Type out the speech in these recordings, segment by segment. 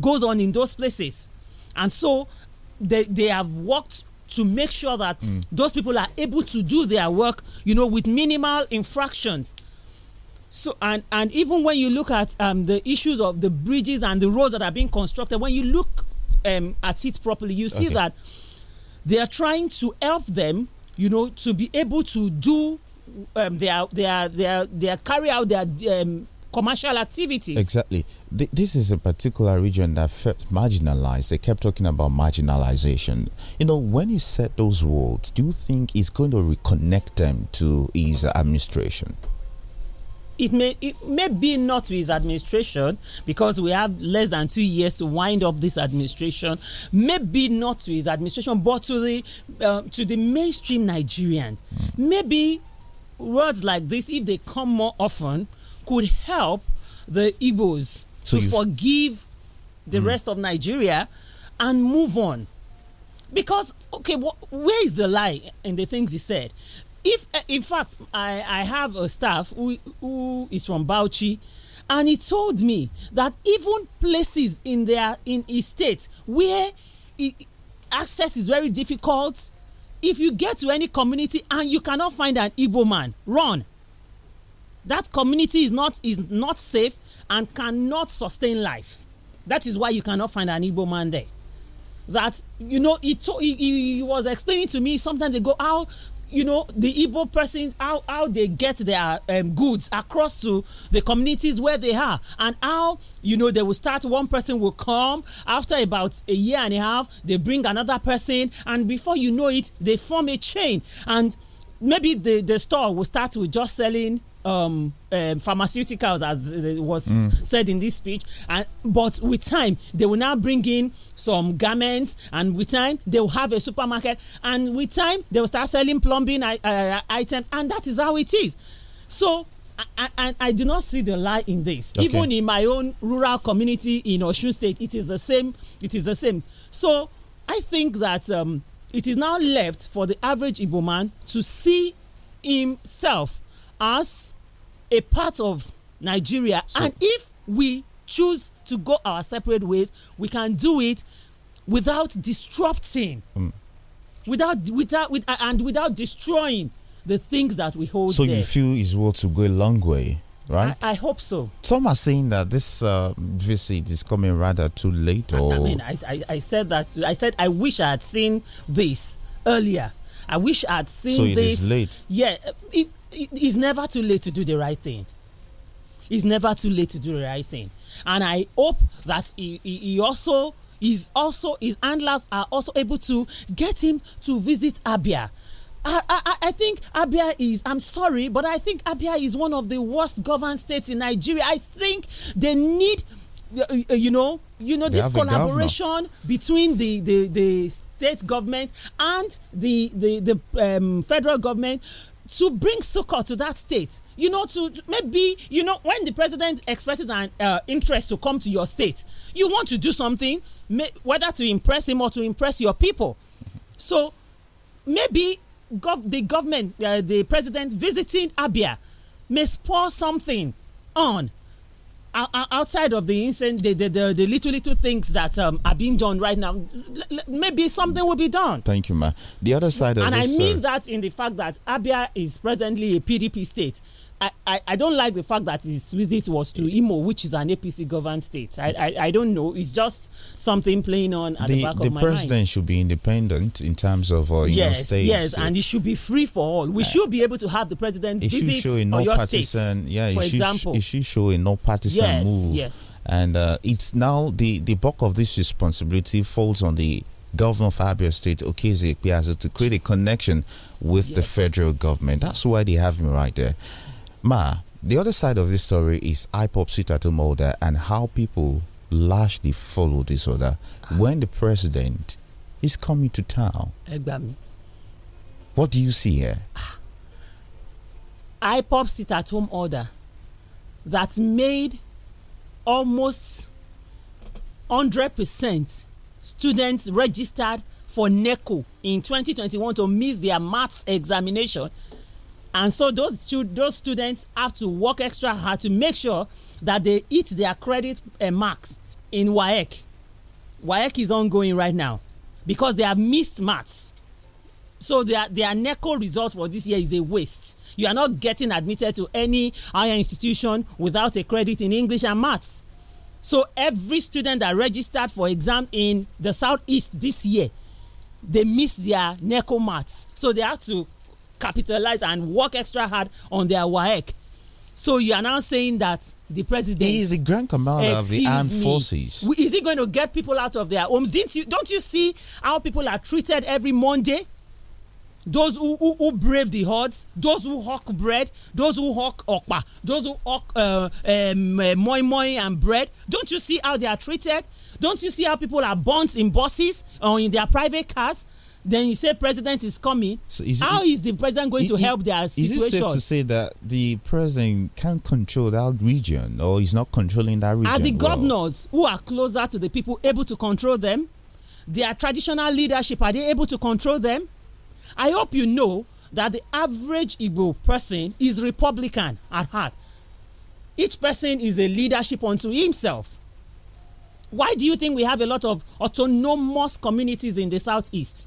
goes on in those places. And so they, they have worked to make sure that mm. those people are able to do their work, you know, with minimal infractions. So and and even when you look at um, the issues of the bridges and the roads that are being constructed, when you look um, at it properly, you see okay. that they are trying to help them, you know, to be able to do um, their their their their carry out their um, commercial activities. Exactly. Th this is a particular region that felt marginalized. They kept talking about marginalization. You know, when he said those words, do you think he's going to reconnect them to his administration? It may, it may be not to his administration because we have less than two years to wind up this administration. Maybe not to his administration, but to the uh, to the mainstream Nigerians. Mm. Maybe words like this, if they come more often, could help the Igbos so to forgive the mm. rest of Nigeria and move on. Because, okay, where is the lie in the things he said? If, eh, in fact, I, I have a staff who, who is from Bauchi, and he told me that even places in their in his state where access is very difficult, if you get to any community and you cannot find an Igbo man, run that community is not is not safe and cannot sustain life that is why you cannot find an igbo man there that you know he, he, he was explaining to me sometimes they go how you know the igbo person how how they get their um, goods across to the communities where they are and how you know they will start one person will come after about a year and a half they bring another person and before you know it they form a chain and maybe the the store will start with just selling um, um, pharmaceuticals, as was mm. said in this speech. And but with time, they will now bring in some garments, and with time, they will have a supermarket, and with time, they will start selling plumbing uh, items, and that is how it is. So. I, I, I do not see the lie in this. Okay. Even in my own rural community in Oshun State, it is the same. It is the same. So I think that um, it is now left for the average Igbo man to see himself as a part of Nigeria. So, and if we choose to go our separate ways, we can do it without disrupting, mm. without without with, and without destroying the things that we hold. So there. you feel it's worth to go a long way, right? I, I hope so. Some are saying that this uh, visit is coming rather too late. Or I, mean, I, I, I said that I said I wish I had seen this earlier. I wish I had seen so this. So it is late. Yeah, it, it's never too late to do the right thing. It's never too late to do the right thing. And I hope that he, he, he also is also his handlers are also able to get him to visit Abia. I, I, I think Abia is, I'm sorry, but I think Abia is one of the worst governed states in Nigeria. I think they need, uh, uh, you know, you know, they this collaboration between the, the, the state government and the, the, the um, federal government to bring succor to that state. You know, to maybe, you know, when the president expresses an uh, interest to come to your state, you want to do something, may, whether to impress him or to impress your people. So maybe gov the government, uh, the president visiting Abia may spur something on outside of the incident, the, the, the, the, little, little things that um, are being done right now, maybe something will be done. Thank you, ma. The other side of And this, I mean uh, that in the fact that Abia is presently a PDP state. I, I, I don't like the fact that his visit was to Imo, which is an APC governed state. I, I, I don't know. It's just something playing on at the, the back the of my mind. The president should be independent in terms of uh, yes, states. Yes, yes, and it should be free for all. We uh, should be able to have the president it visit show a your partisan, states, yeah, for should, example. It should show a no partisan yes, move. Yes. And uh, it's now the, the bulk of this responsibility falls on the governor of Abia State, Okezie Piazza, to create a connection with yes. the federal government. That's why they have him right there. Ma, the other side of this story is hypopsitato murder and how people largely follow this order ah. when the president is coming to town. What do you see here? Ah. IPOP sit at home order that made almost 100% students registered for NECO in 2021 to miss their maths examination and so those two, those students have to work extra hard to make sure that they hit their credit uh, marks in WAEC. WAEC is ongoing right now because they have missed maths. So their their NECO result for this year is a waste. You are not getting admitted to any higher institution without a credit in English and maths. So every student that registered for exam in the southeast this year, they missed their NECO maths. So they have to capitalize and work extra hard on their WAEC. So you are now saying that the president he is the grand commander of the armed me, forces. Is he going to get people out of their homes? Didn't you? Don't you see how people are treated every Monday? Those who, who, who brave the hordes, those who hawk bread, those who hawk okpa, those who hawk uh, um, uh, moi moi and bread. Don't you see how they are treated? Don't you see how people are burnt in buses or in their private cars? then you say president is coming. So is how it, is the president going it, to help their situation? Is it safe to say that the president can't control that region, or is not controlling that region? Are the well? governors who are closer to the people able to control them? Their traditional leadership are they able to control them? I hope you know that the average Igbo person is Republican at heart. Each person is a leadership unto himself. Why do you think we have a lot of autonomous communities in the southeast?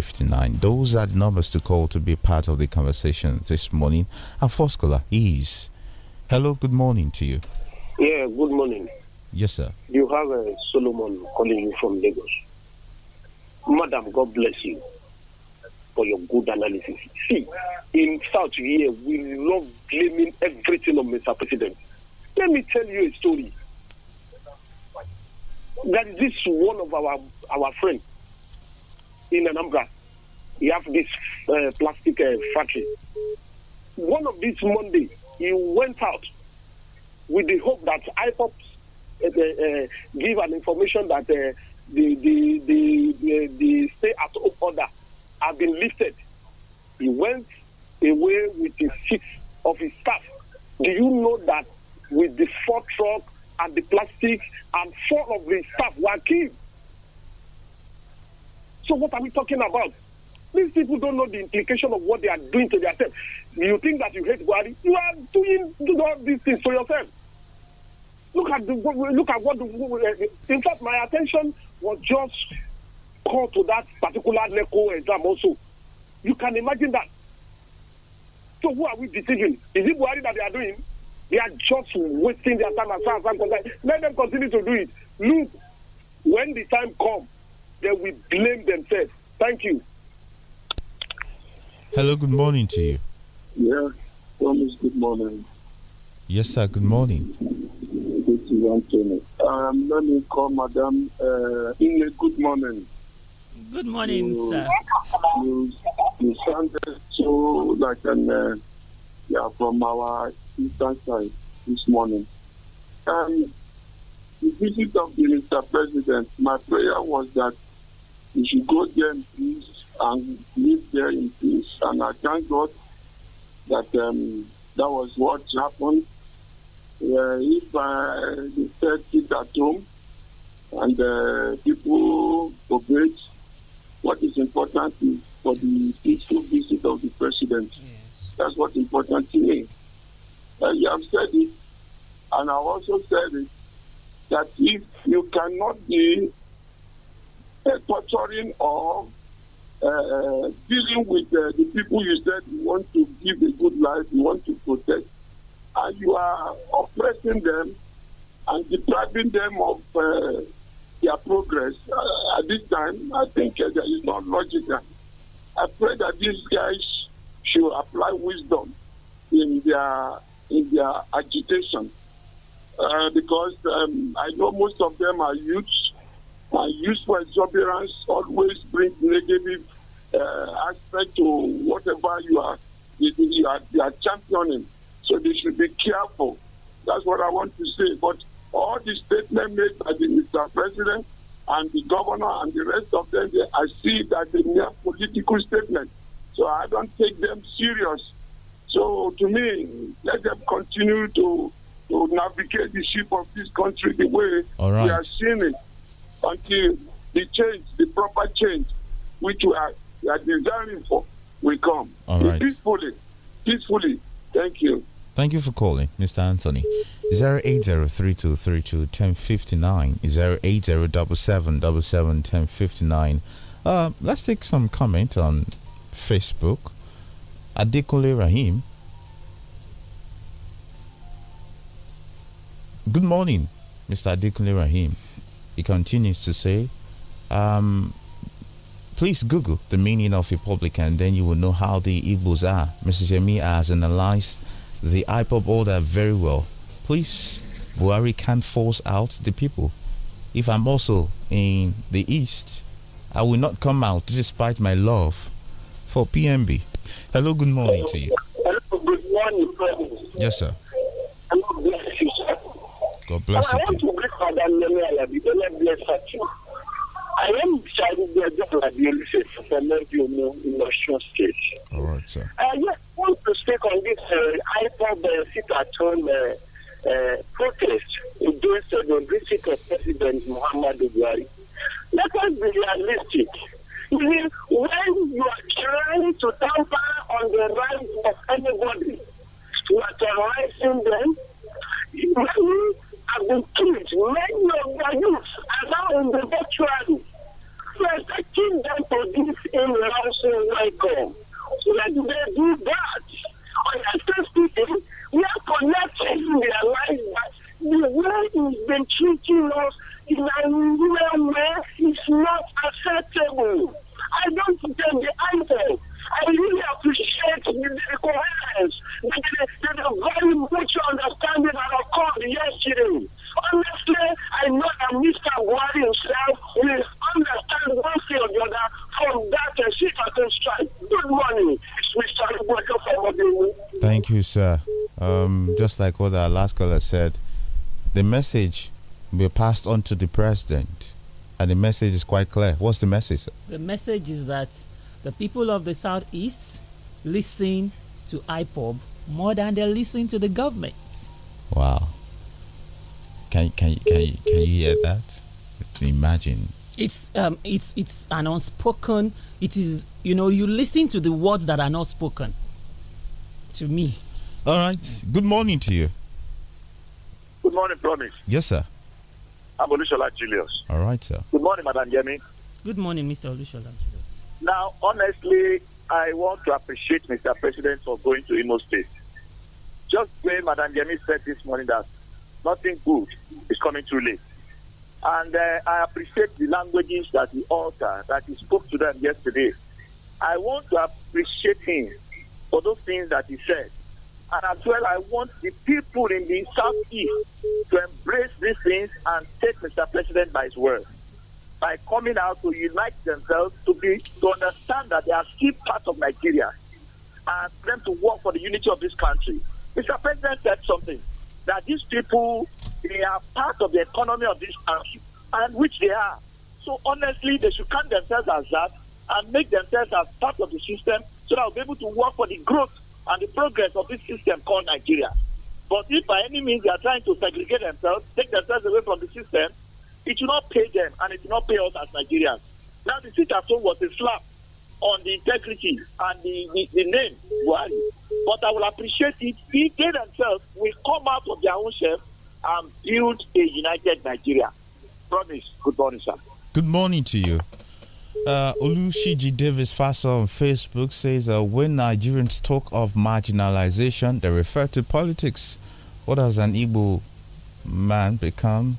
59. Those are the numbers to call to be part of the conversation this morning. Our first caller is. Hello, good morning to you. Yeah, good morning. Yes, sir. You have a Solomon calling you from Lagos. Madam, God bless you for your good analysis. See, in South here, we love blaming everything on Mr. President. Let me tell you a story. That is this one of our our friends in Anambra, you have this uh, plastic uh, factory. One of these Monday, he went out with the hope that IPOPs uh, uh, uh, give an information that uh, the, the, the, the, stay-at-home order have been lifted. He went away with the six of his staff. Do you know that with the four truck and the plastic and four of the staff were killed? So what are we talking about? These people don't know the implication of what they are doing to themselves. You think that you hate Buhari? You are doing all these things for yourself. Look at the look at what the, in fact my attention was just called to that particular NECO exam also. You can imagine that. So who are we deceiving? Is it Buhari that they are doing? They are just wasting their time as far as I'm concerned. Let them continue to do it. Look, when the time comes, they will blame themselves. Thank you. Hello, good morning to you. Yeah, Thomas, good morning. Yes, sir, good morning. This is Anthony. Um, let me call Madam uh, Inge, good morning. Good morning, you, sir. You, you sounded so like an, uh, yeah, from our eastern side this morning. Um, the visit of the Mr. President, my prayer was that he should go there in peace and live there in peace. And I thank God that um, that was what happened. Uh, if uh, the third kid at home and uh, people obeyed, what is important is for the peaceful visit of the president. Yes. That's what's important to me. And uh, you have said it, and I also said it, that if you cannot be torturing or uh, uh, dealing with uh, the people you said you want to give a good life, you want to protect, and you are oppressing them and depriving them of uh, their progress uh, at this time, I think uh, that is not logical. I pray that these guys should apply wisdom in their in their agitation, uh, because um, I know most of them are youths my youthful exuberance always brings negative uh, aspect to whatever you are, you, you, are, you are championing. So they should be careful. That's what I want to say. But all the statements made by the Mr. President and the governor and the rest of them, they, I see that they mere political statement. So I don't take them serious. So to me, let them continue to to navigate the ship of this country the way right. we are seeing it until the change, the proper change, which we are, we are desiring for, will come. All right. Peacefully. Peacefully. Thank you. Thank you for calling, Mr. Anthony. 08032321059, 08077771059. Uh, let's take some comment on Facebook. Adekole Rahim. Good morning, Mr. Adekole Rahim. He continues to say, um, please Google the meaning of Republican, then you will know how the Igbos are. Mrs. Yemi has analyzed the IPOB order very well. Please, Buhari can't force out the people. If I'm also in the East, I will not come out despite my love for PMB. Hello, good morning to you. Hello, good morning, Yes, sir. bless you, sir. God bless you. Madame le maire l'a dit, de la blessure. I am sorry, the liability for no emotional state. All right, sir. Uh, I just want to speak on this uh, IPOB uh, at home uh, uh, protest against uh, the visit of President Muhammad Buhari. Let us be realistic. You see, when you are trying to turn sir. Um, just like what our last caller said, the message will be passed on to the president, and the message is quite clear. What's the message? Sir? The message is that the people of the southeast listen to IPOB more than they listen to the government. Wow. Can can can you, can you hear that? Imagine. It's um it's it's an unspoken. It is you know you listen to the words that are not spoken. To me. All right. Good morning to you. Good morning, Promise. Yes, sir. I'm Olushola Julius. All right, sir. Good morning, Madam Yemi. Good morning, Mr. Olushola Julius. Now, honestly, I want to appreciate Mr. President for going to Imo State. Just when Madam Yemi said this morning that nothing good is coming too late. And uh, I appreciate the languages that he altered, that he spoke to them yesterday. I want to appreciate him for those things that he said and as well, I want the people in the southeast to embrace these things and take Mr. President by his word by coming out to unite themselves to be to understand that they are still part of Nigeria and them to work for the unity of this country. Mr. President said something that these people they are part of the economy of this country and which they are. So honestly, they should count themselves as that and make themselves as part of the system so that we'll be able to work for the growth and the progress of this system called Nigeria. But if by any means they are trying to segregate themselves, take themselves away from the system, it will not pay them and it will not pay us as Nigerians. Now, the situation was a slap on the integrity and the, the, the name Buhari. But I will appreciate it if they themselves will come out of their own shell and build a united Nigeria. Promise. Good morning, sir. Good morning to you. Uh, Olushiji Davis Fasa on Facebook says, uh, When Nigerians talk of marginalization, they refer to politics. What has an Igbo man become?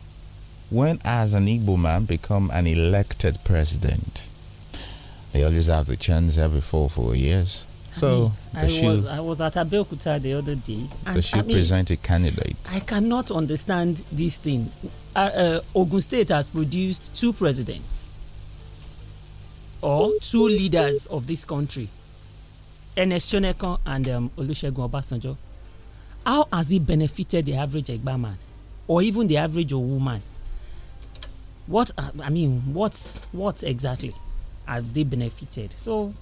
When has an Igbo man become an elected president? They always have the chance every four, four years. So I, mean, I was I was at Abeokuta the other day. And she I present mean, a candidate. I cannot understand this thing. Uh, uh, Ogun State has produced two presidents or two leaders of this country, Ernest Shonekan and um, Olusegun Obasanjo, how has it benefited the average Egba man or even the average woman? What uh, I mean, what what exactly have they benefited? So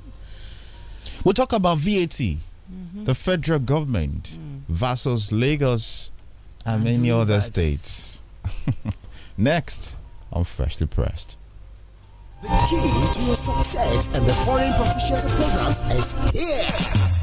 we'll talk about VAT, mm -hmm. the federal government mm. versus Lagos and, and many other states. Next, I'm freshly pressed. The key to your success and the foreign proficiency programs is here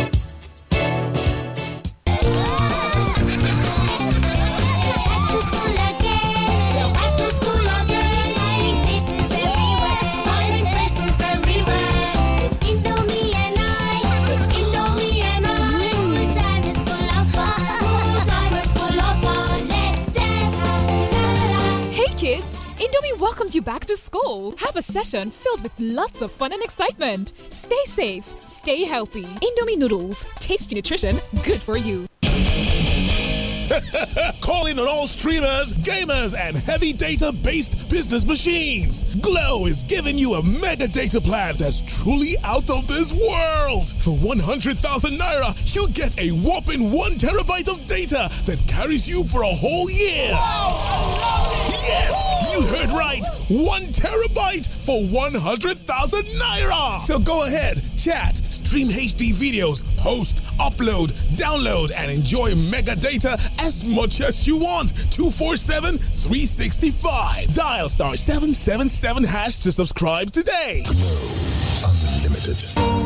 Welcomes you back to school. Have a session filled with lots of fun and excitement. Stay safe, stay healthy. Indomie noodles, tasty nutrition, good for you. Calling on all streamers, gamers, and heavy data based business machines. Glow is giving you a mega data plan that's truly out of this world. For 100,000 naira, you get a whopping 1 terabyte of data that carries you for a whole year. Wow, I love it. Yes! You heard right. One terabyte for 100,000 naira. So go ahead, chat, stream HD videos, post, upload, download, and enjoy mega data as much as you want. 247 365. Dial star 777 hash to subscribe today. Glow Unlimited.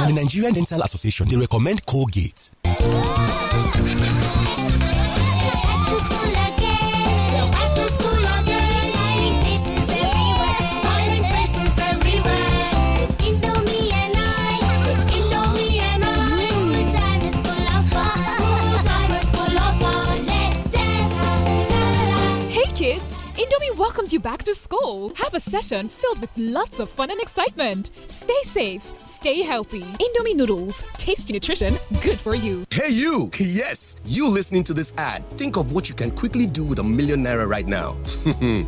now, the Nigerian Dental Association, they recommend Colgate. Indomie welcomes you back to school. Have a session filled with lots of fun and excitement. Stay safe Stay healthy. Indomie noodles. Tasty nutrition. Good for you. Hey, you. Yes. You listening to this ad. Think of what you can quickly do with a million naira right now.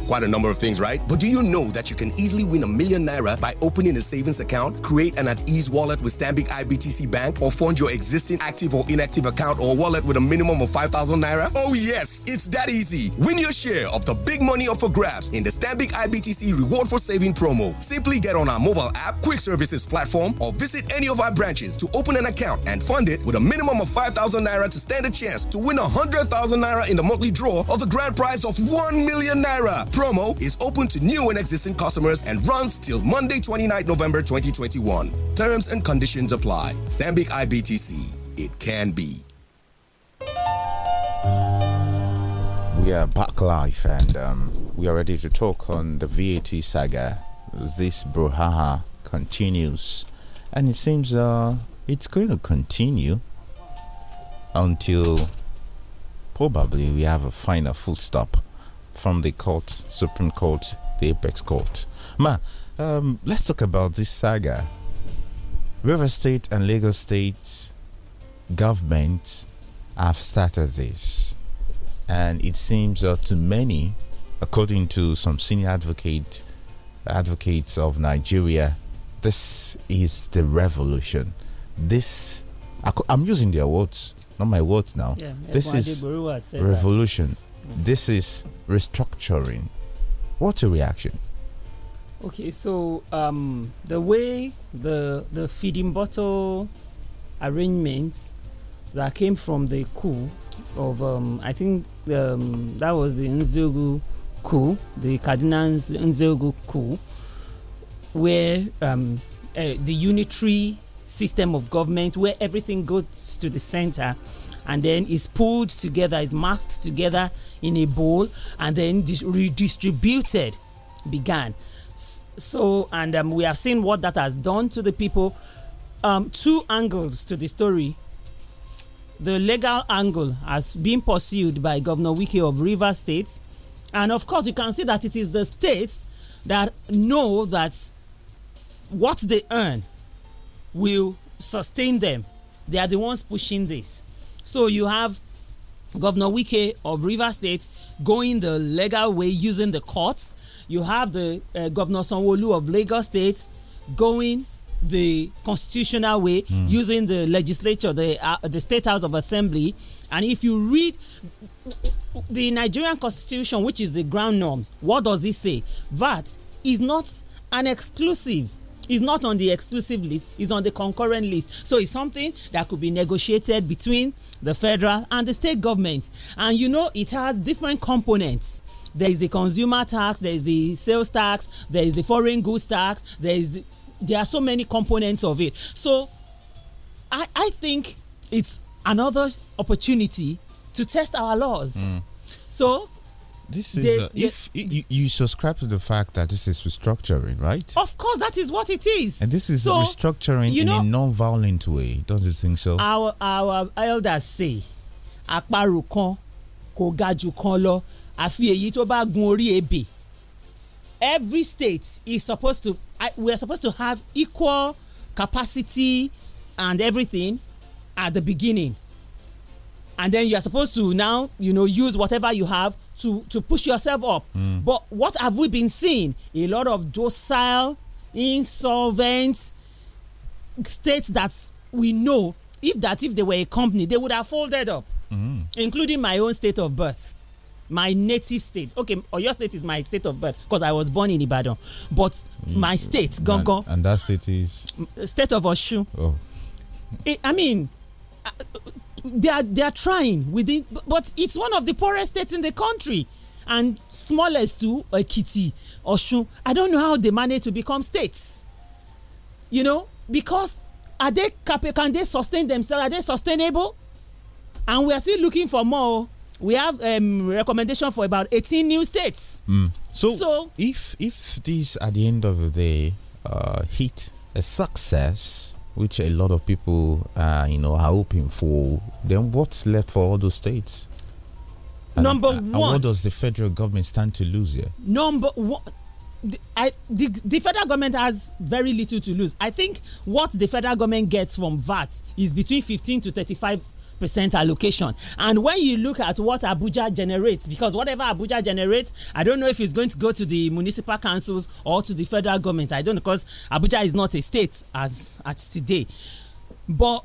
Quite a number of things, right? But do you know that you can easily win a million naira by opening a savings account, create an at ease wallet with Stanbic IBTC Bank, or fund your existing active or inactive account or wallet with a minimum of 5,000 naira? Oh, yes. It's that easy. Win your share of the big money up for grabs in the Stanbic IBTC Reward for Saving promo. Simply get on our mobile app, quick services platform, or visit any of our branches to open an account and fund it with a minimum of 5,000 naira to stand a chance to win 100,000 naira in the monthly draw of the grand prize of 1 million naira. Promo is open to new and existing customers and runs till Monday, 29 November 2021. Terms and conditions apply. Stanbic IBTC. It can be. We are back live and um, we are ready to talk on the VAT saga. This brouhaha continues and it seems uh, it's going to continue until probably we have a final full stop from the court, Supreme Court, the Apex Court. Ma, um, let's talk about this saga. River State and Lagos State governments have started this, and it seems uh, to many, according to some senior advocate advocates of Nigeria, this is the revolution. This, I, am using their words, not my words now. Yeah, this is revolution. That. Mm. This is restructuring. What's a reaction? Okay, so um, the way the the feeding bottle arrangements that came from the coup of um, I think um, that was the Nzogu coup, the Cardinal's Nzogu coup where um, uh, the unitary system of government, where everything goes to the center and then is pulled together, is masked together in a bowl, and then redistributed began. So, and um, we have seen what that has done to the people. Um, two angles to the story. The legal angle has been pursued by Governor Wiki of River State. And of course, you can see that it is the states that know that what they earn will sustain them. They are the ones pushing this. So you have Governor Wike of River State going the legal way using the courts. You have the uh, Governor Sonwolu of Lagos State going the constitutional way mm. using the legislature, the uh, the State House of Assembly. And if you read the Nigerian Constitution, which is the ground norms, what does it say? That is not an exclusive is not on the exclusive list is on the concurrent list so it's something that could be negotiated between the federal and the state government and you know it has different components there is the consumer tax there is the sales tax there is the foreign goods tax there is the, there are so many components of it so i i think it's another opportunity to test our laws mm. so this is they, uh, they, if you, you, subscribe to the fact that this is restructuring, right? Of course, that is what it is. And this is so, restructuring you know, in a non-violent way, don't you think so? Our our elders say, "Àparò kan kò ga àfi bá ebè." Every state is supposed to we are supposed to have equal capacity and everything at the beginning, and then you are supposed to now you know use whatever you have to to push yourself up. Mm. But what have we been seeing? A lot of docile, insolvent states that we know if that if they were a company they would have folded up, mm. including my own state of birth, my native state. Okay, or your state is my state of birth because I was born in Ibadan, but hmm. my state, Gongo, and, and that state is state of Osun. Oh, I mean they are they are trying within, but it's one of the poorest states in the country, and smallest to Ekiti, Oshun. I don't know how they manage to become states. You know, because are they can they sustain themselves? Are they sustainable? And we are still looking for more. We have um, recommendation for about 18 new states. Mm. So, so if if this at the end of the day uh, hit a success which a lot of people, uh, you know, are hoping for, then what's left for all those states? And, number one. Uh, and what does the federal government stand to lose here? Number one. The, I, the, the, federal government has very little to lose. I think what the federal government gets from VAT is between 15 to 35 percent allocation. And when you look at what Abuja generates, because whatever Abuja generates, I don't know if it's going to go to the municipal councils or to the federal government. I don't know because Abuja is not a state as at today. But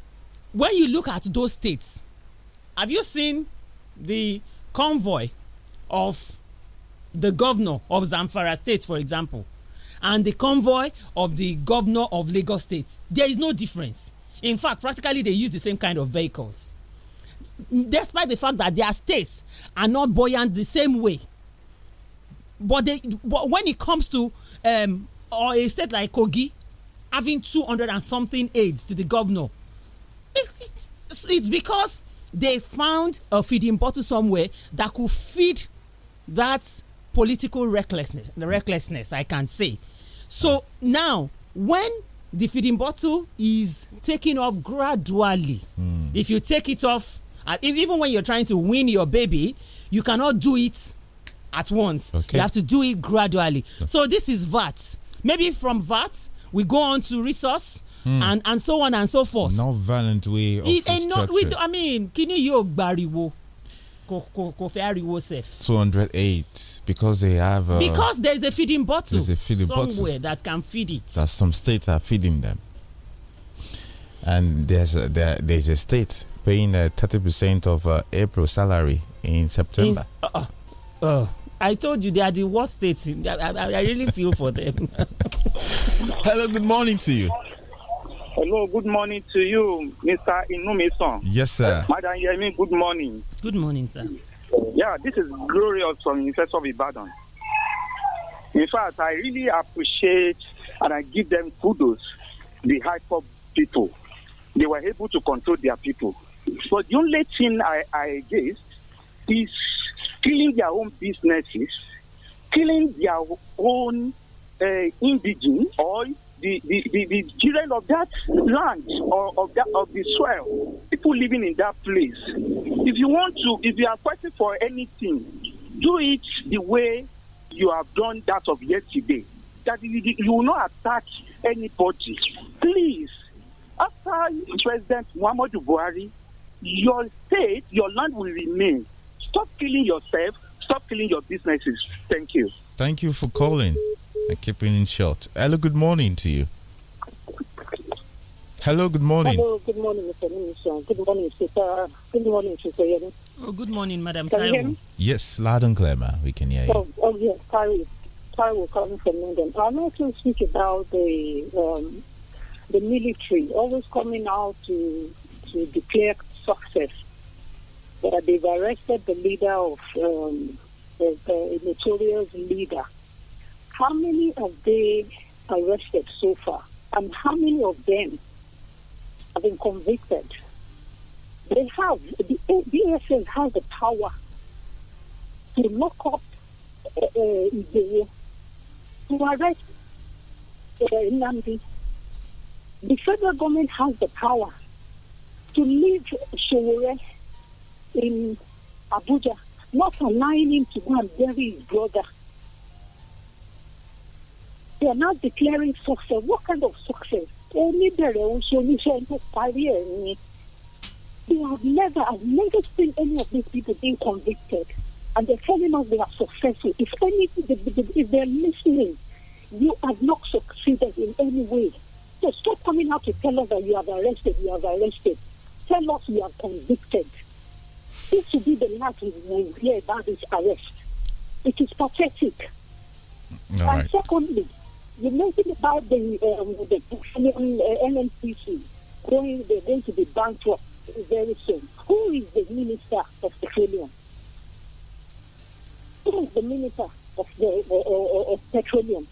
when you look at those states, have you seen the convoy of the governor of Zamfara State, for example, and the convoy of the governor of Lagos State? There is no difference. In fact, practically they use the same kind of vehicles. despite the fact that their states are not buoyant the same way. But, they, but when it comes to um, or a state like Kogi having 200 and something aides to the governor, it's, it's, it's because they found a feeding bottle somewhere that could feed that political recklessness, the recklessness I can say. So now, when the feeding bottle is taken off gradually, mm. if you take it off uh, even when you're trying to win your baby, you cannot do it at once. Okay. You have to do it gradually. So this is VAT. Maybe from VAT, we go on to resource. Mm. and and so on and so forth. Not violent way of it, and not, with. I mean, can you gbariwo kò kò two hundred eight because they have. A, because there is a feeding bottle. there is a feeding somewhere bottle somewhere that can feed it. That some states are feeding them, and there's a, there, there's a state paying uh, thirty percent of uh, April salary in September. In, uh, uh, uh, I told you they are the worst states. I, I, I really feel for them. Hello, good morning to you. Hello, good morning to you, Mr. Inumison. Yes, sir. Madam Yemi, good morning. Good morning, sir. Yeah, this is glorious from University of Ibadan. In fact, I really appreciate and I give them kudos, the hyper people. They were able to control their people. But the only thing I, I guess is killing their own businesses, killing their own uh, indigenous or the, the, the, the, children of that land or of that of the soil, people living in that place. If you want to, if you are fighting for anything, do it the way you have done that of yesterday. That you, you will not attack anybody. Please, after President Muhammadu Buhari your state, your land will remain. Stop killing yourself. Stop killing your businesses. Thank you. Thank you for calling and keeping being short. Hello, good morning to you. Hello, good morning. Hello, good morning, Mr. Minister. Good morning, Mr. Good morning, Mr. Yemi. Oh, good morning, Madam can Yes, loud and clear, We can hear you. Oh, oh yes, Taiwo. will calling from London. i am like to speak about the um, the military always coming out to to declare success. But they've arrested the leader of um, the, the notorious leader. How many have they arrested so far? And how many of them have been convicted? They have, the DSS has the power to lock up uh, the, uh, to arrest uh, The federal government has the power to leave Showore in Abuja, not allowing him to go and bury his brother. They are now declaring success. What kind of success? Only their solution to years. They have never, I've never seen any of these people being convicted. And they're telling us they are successful. If anything, if they're listening, you have not succeeded in any way. So stop coming out to tell us that you have arrested, you have arrested tell us we are convicted. This will be the last we will hear about this arrest. It is pathetic. All and right. secondly, you mentioned about the um, the NNPC uh, going they're going to be bankrupt very soon. Who is the minister of petroleum? Who is the minister of the uh, uh, uh of petroleum?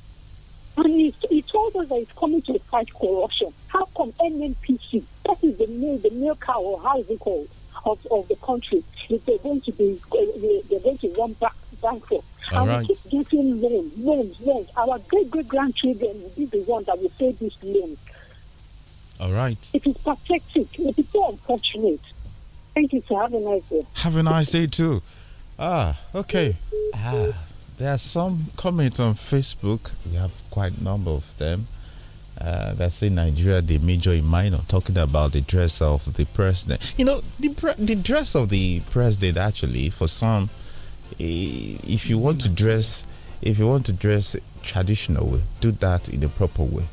And he, he told us that he's coming to fight corruption. How come NNPC, that is the milk, the milk cow, or how is it called, of, of the country, they're going to be, uh, they're going to run back bankrupt. All and right. we keep getting loans, loans, loans. Our great great grandchildren will be the ones that will pay this loans. All right. It is pathetic. It is so unfortunate. Thank you, for having a nice day. Have a nice day, too. Ah, okay. Ah. There are some comments on Facebook. We have quite a number of them. Uh, that say Nigeria the major in minor, talking about the dress of the president. You know, the the dress of the president actually for some, if you want to dress, if you want to dress traditional way, do that in a proper way.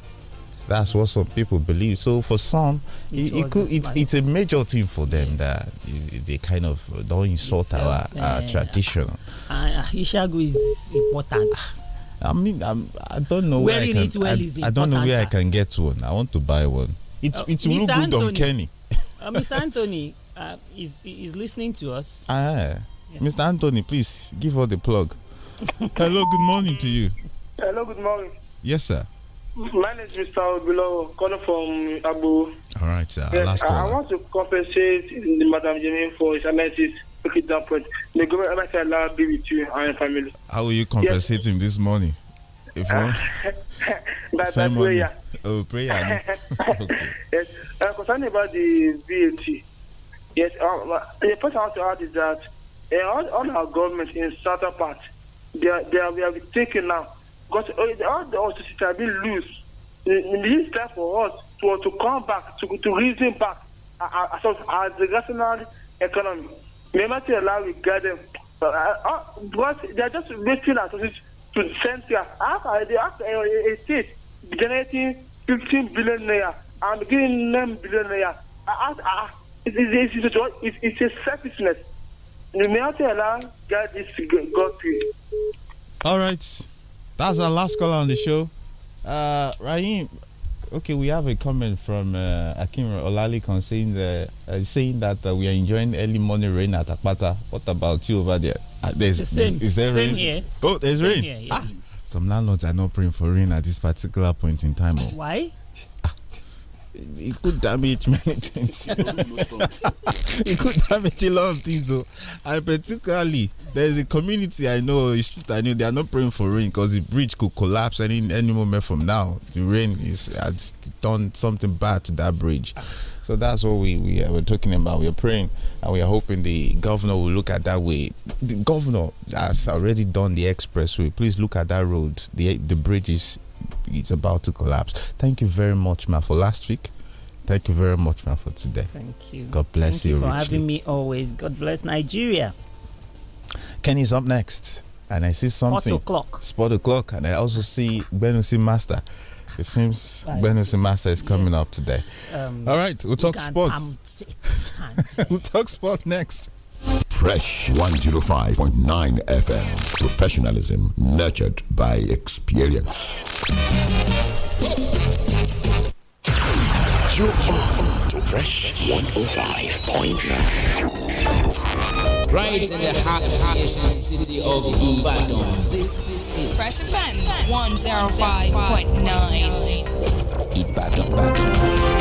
That's what some people believe. So for some, it, it, it could, it, it's a major thing for them yeah. that they kind of don't insult our, our uh, tradition. Uh, Ishagu is important. Ah, I mean, I'm, I do not know where, where I can. It well I, is I don't know where I can get one. I want to buy one. It uh, it will good on Kenny. uh, Mr. Anthony uh, is is listening to us. Ah, yeah. Mr. Anthony, please give her the plug. Hello, good morning to you. Hello, good morning. Yes, sir. My name is Mr. Obilo, calling from Abu. All right, sir. Yes, Last I, call, I want to compensate Madam Jimmy for his analysis. Okay, that point. May God Almighty Allah be with you and your family. How will you compensate yes. him this morning? If you want. by, by prayer. Oh, prayer. okay. Yes. Uh, concerning about the VAT, yes, uh, uh the point I want to add is that uh, all, all our governments in certain part, they are, they are, we have taken now because all the us should be loose. It is time for us to, to come back, to, to reason back as, as, as the rational economy. May not allow we get them. Uh, uh, uh, because they are just waiting at us to send here. After they ask a, a state generating 15 billion naira and giving them billion naira. Uh, uh, it, it, it, it, it's a selfishness. You may not allow God this God to you. All right. That's our last caller on the show. Uh, Raheem, okay, we have a comment from uh, Akim Olalikon saying, the, uh, saying that uh, we are enjoying early morning rain at Akpata. What about you over there? Uh, there's, the same, is, is there rain? Here. Oh, there's same rain. Here, ah, yes. ah, some landlords are not praying for rain at this particular point in time. Oh. Why? it could damage many things. it could damage a lot of things. So, and particularly, there's a community I know, I know they are not praying for rain because the bridge could collapse any any moment from now. The rain is has done something bad to that bridge. So that's what we, we are, uh, we're talking about. We are praying and we are hoping the governor will look at that way. The governor has already done the expressway. Please look at that road. The the bridge is it's about to collapse. Thank you very much, man, for last week. Thank you very much, man, for today. Thank you. God bless Thank you, you for having me always. God bless Nigeria. Kenny's up next, and I see something. Spot o'clock. Spot o'clock, and I also see Benusi Master. It seems Benusi Master is coming yes. up today. Um, All right, we'll talk sports. we'll talk sport next. Fresh 105.9 FM. Professionalism nurtured by experience. You are on to Fresh 105.9. Right in the heart of the city of Ibadan. This is Fresh Offense 105.9. Ibadan.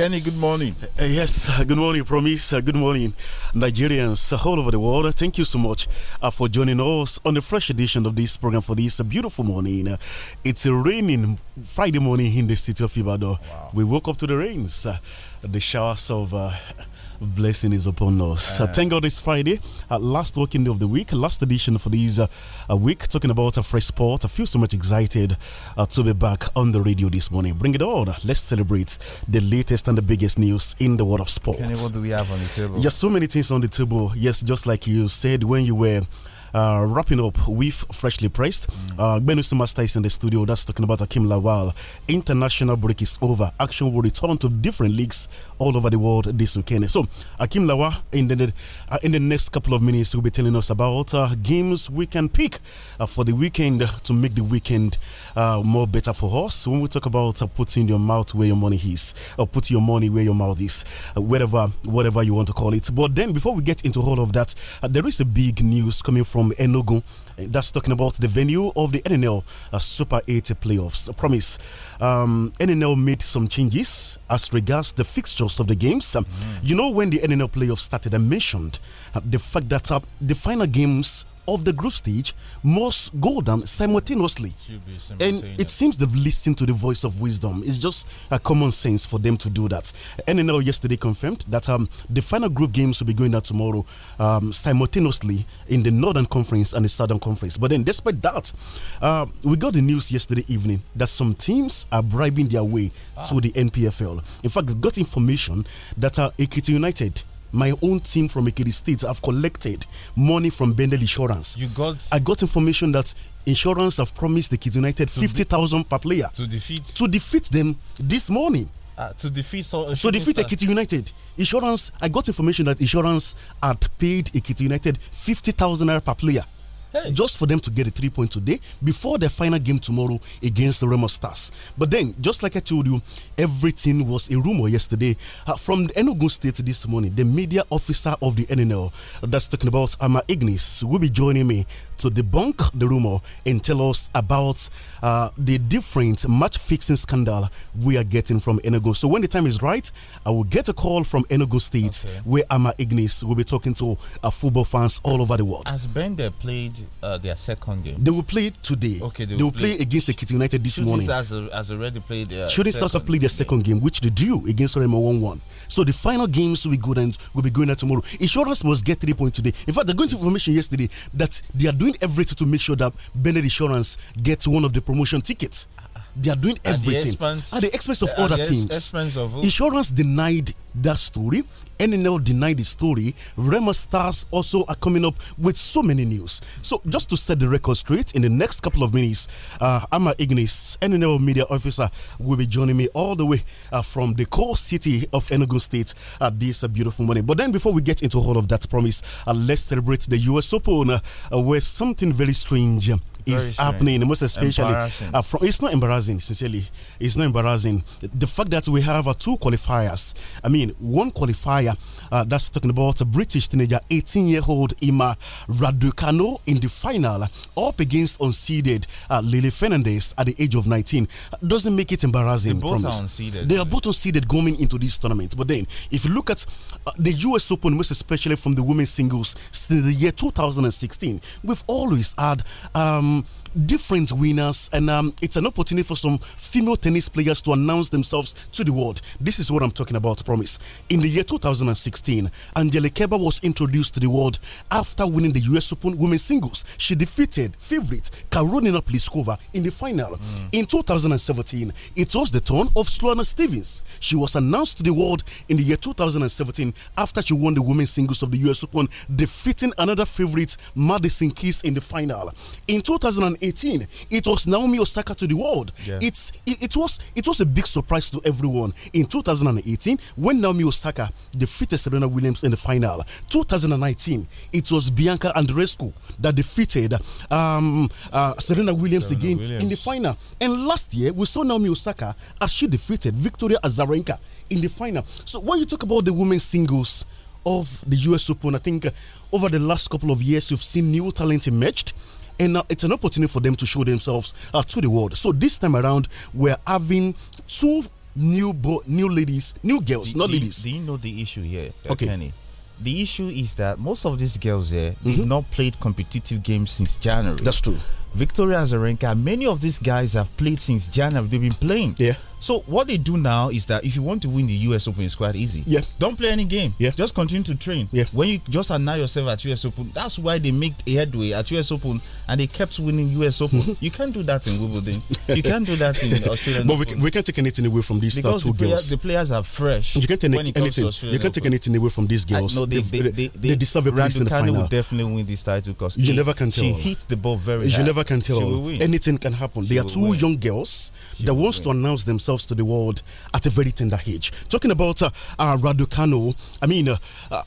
Kenny, good morning. Uh, yes, uh, good morning, Promise. Uh, good morning, Nigerians uh, all over the world. Uh, thank you so much uh, for joining us on the fresh edition of this program for this beautiful morning. it's raining Friday morning in the city of Ibadan. Wow. We woke up to the rains, the showers of blessing is upon us. Uh, uh, thank God it's Friday, uh, last working day of the week, last edition for this uh, uh, week, talking about a fresh sport. I feel so much excited uh, to be back on the radio this morning. Bring it on. Let's celebrate the latest and the biggest news in the world of sport. Kenny, what do we have on the table? Just so many things on the table. Yes, just like you said when you were uh, wrapping up with Freshly Pressed, mm. uh, Master is in the studio. That's talking about Akim Lawal. International break is over. Action will return to different leagues all over the world this weekend. So, Akim Lawal, in the, uh, in the next couple of minutes, will be telling us about uh, games we can pick uh, for the weekend to make the weekend uh, more better for us. When we talk about uh, putting your mouth where your money is, or put your money where your mouth is, whatever, whatever you want to call it. But then, before we get into all of that, there is a big news coming from from Enugu. Eh, that's talking about the venue of the NNL uh, Super 80 playoffs. I promise. Um, NNL made some changes as regards the fixtures of the games. Um, mm. You know, when the NNL playoffs started, I mentioned uh, the fact that uh, the final games of the group stage must go down simultaneously. simultaneously. And it seems they've listened to the voice of wisdom. It's just a uh, common sense for them to do that. NNL yesterday confirmed that um, the final group games will be going out tomorrow um, simultaneously in the Northern Conference and the Southern Conference. But then, despite that, uh, we got the news yesterday evening that some teams are bribing their way ah. to the NPFL. In fact, got information that uh, Ekiti United my own team from Ekiti State have collected money from Bendel Insurance. You got? I got information that insurance have promised the United fifty thousand per player to defeat to defeat them this morning. Uh, to defeat so, to defeat Ekiti United. Insurance. I got information that insurance had paid Ekiti United fifty thousand naira per player Hey. Just for them to get a three point today before their final game tomorrow against the Remo Stars. But then, just like I told you, everything was a rumor yesterday. Uh, from Enugu State this morning, the media officer of the NNL, that's talking about Ama Ignis, will be joining me to debunk the rumor and tell us about uh, the different match fixing scandal we are getting from Enugu. So when the time is right, I will get a call from Enugu State okay. where Ama Ignis will be talking to uh, football fans all over the world. Has Bender played uh, their second game? They will play today. Okay, they will, they will play, play, against the Kitty United this morning. Has, uh, has already played their Shouldn't start to played their game. second game, which they do against Remo 1 1. So the final games will be good and will be going out tomorrow. Insurance must get three points today. In fact, they're going to information yesterday that they are doing doing everything to make sure that Benedict Insurance gets one of the promotion tickets. They are doing at everything. The expense, at the expense of other things. Expense of Insurance denied that story. NNL denied the story. Rema Stars also are coming up with so many news. So, just to set the record straight, in the next couple of minutes, uh, Ama Ignis, NNL media officer, will be joining me all the way uh, from the core city of Enugu State at uh, this uh, beautiful morning. But then, before we get into all of that promise, uh, let's celebrate the US Open, uh, where something very strange is happening, most especially uh, from. It's not embarrassing, sincerely. It's not embarrassing. The fact that we have uh, two qualifiers. I mean, one qualifier uh, that's talking about a British teenager, 18-year-old Ima Raducanu, in the final uh, up against unseeded uh, Lily Fernandez at the age of 19. Uh, doesn't make it embarrassing. They both are unseeded. They are both unseeded going into this tournament. But then, if you look at the U.S. Open, most especially from the women's singles since the year 2016, we've always had. Um, um, different winners, and um, it's an opportunity for some female tennis players to announce themselves to the world. This is what I'm talking about, promise. In the year 2016, Angelique Kerber was introduced to the world after winning the US Open Women's Singles. She defeated favorite Karolina Pliskova in the final. Mm. In 2017, it was the turn of Sloana Stevens. She was announced to the world in the year 2017 after she won the Women's Singles of the US Open, defeating another favorite, Madison Keys, in the final. In 2018, 2018. It was Naomi Osaka to the world. Yeah. It's it, it, was it was a big surprise to everyone in 2018 when Naomi Osaka defeated Serena Williams in the final. 2019, it was Bianca Andreescu that defeated um, uh, Serena Williams Serena again Williams. in the final. And last year we saw Naomi Osaka as she defeated Victoria Azarenka in the final. So when you talk about the women's singles of the US Open, I think over the last couple of years we've seen new talent emerged and uh, it's an opportunity for them to show themselves uh, to the world. So this time around, we're having two new new ladies, new girls, do, not do ladies. You, do you know the issue here, uh, okay. Kenny? The issue is that most of these girls here mm mm-hmm. have not played competitive games since January. That's true. Victoria Azarenka, many of these guys have played since January. They've been playing. Yeah so what they do now is that if you want to win the US Open, it's quite easy. Yeah. Don't play any game. Yeah. Just continue to train. Yeah. When you just announce yourself at US Open, that's why they make a headway at US Open and they kept winning US Open. you can't do that in Wimbledon. you can't do that in Australia. But we, can, we can't take anything away from these because two the player, girls. The players are fresh. You can't take anything. You can't take anything away from these girls. I, no, they they, they, they, they, deserve a place in the final. will definitely win this title because you he, never can tell. She hits the ball very. You hard. never can tell. Anything can happen. She they are two win. young girls she that wants win. to announce themselves themselves to the world at a very tender age. Talking about uh, uh Raducano, I mean, uh, uh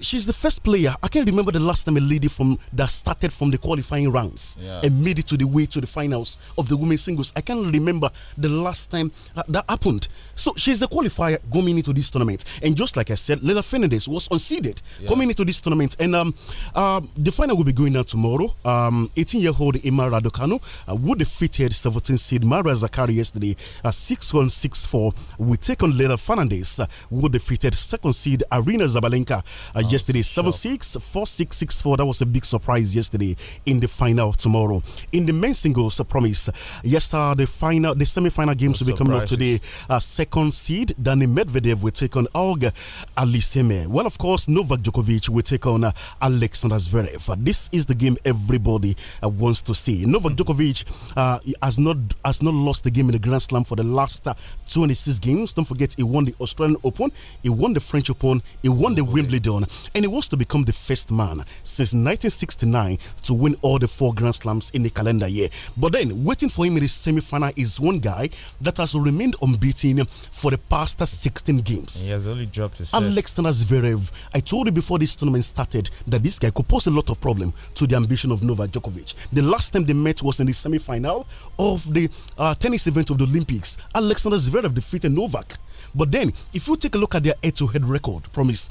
she's the first player. I can't remember the last time a lady from that started from the qualifying rounds yeah. and made it to the way to the finals of the women's singles. I can't remember the last time uh, that happened. So she's the qualifier going into this tournament. And just like I said, Leila Fernandez was unseeded yeah. coming into this tournament. And um, uh, the final will be going on tomorrow. 18-year-old um, Emma Raducanu uh, who defeated 17 seed Mara Zakari yesterday at 6-1, 6-4. We take on Leila Fernandez, uh, who defeated second seed Arena Zabalenka. Uh, yesterday. Seven six four six six four. That was a big surprise yesterday. In the final tomorrow, in the men's singles, I promise. Yesterday, the final, the semi-final games no will be coming up today. Uh, second seed Danny Medvedev will take on Olga Aliseme. Well, of course, Novak Djokovic will take on uh, Alexander Zverev. This is the game everybody uh, wants to see. Novak mm-hmm. Djokovic uh, has not has not lost the game in the Grand Slam for the last uh, 26 games. Don't forget, he won the Australian Open, he won the French Open, he won the Wimbledon and he wants to become the first man since 1969 to win all the four Grand Slams in the calendar year. But then, waiting for him in the semi final is one guy that has remained unbeaten for the past 16 games. He has only dropped his Alexander Zverev. I told you before this tournament started that this guy could pose a lot of problem to the ambition of Novak Djokovic. The last time they met was in the semi final of the uh, tennis event of the Olympics. Alexander Zverev defeated Novak. But then, if you take a look at their head to head record, promise.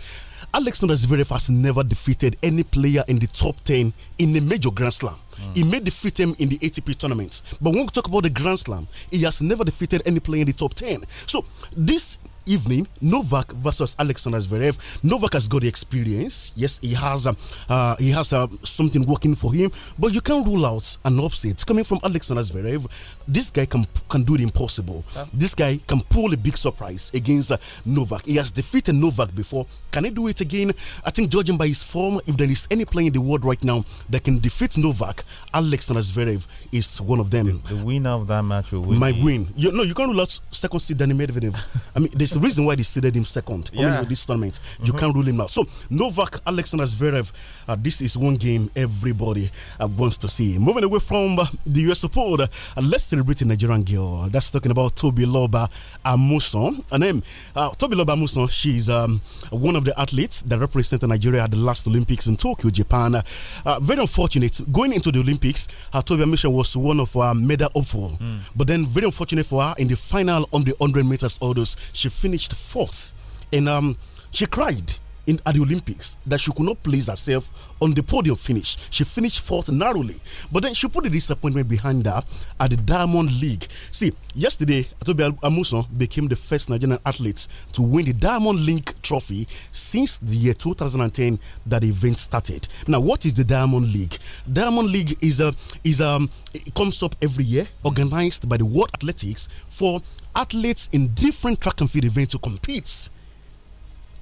Alexander Zverev has never defeated any player in the top 10 in a major Grand Slam. Mm. He may defeat him in the ATP tournaments. But when we talk about the Grand Slam, he has never defeated any player in the top 10. So this evening, Novak versus Alexander Zverev. Novak has got the experience. Yes, he has um, uh, he has uh, something working for him, but you can rule out an upset coming from Alexander Zverev, this guy can can do the impossible. Huh? This guy can pull a big surprise against uh, Novak. He has defeated Novak before. Can he do it again? I think judging by his form, if there is any player in the world right now that can defeat Novak, Alexander Zverev is one of them. The, the winner of that match will win. My win. You, no, you can't rule out second seed Danny Medvedev. I mean, there's a reason why they seeded him second yeah. this tournament. You mm -hmm. can't rule him out. So Novak, Alexander Zverev, uh, this is one game everybody uh, wants to see. Moving away from uh, the US support, uh, let's celebrating Nigerian girl. That's talking about Toby Loba Amuson. Her name, uh, Toby Loba Amuson, she's um, one of the athletes that represented Nigeria at the last Olympics in Tokyo, Japan. Uh, very unfortunate. Going into the Olympics, her Toby Amuson was one of our medal hopeful. Mm. But then, very unfortunate for her, in the final on the 100 meters orders, she finished fourth. And um, she cried in, at the Olympics that she could not place herself on the podium finish. She finished fourth narrowly, but then she put the disappointment behind her at the Diamond League. See, yesterday, Atobe Amuson became the first Nigerian athlete to win the Diamond League trophy since the year 2010 that event started. Now, what is the Diamond League? Diamond League is a is um it comes up every year, organized by the World Athletics for athletes in different track and field events to compete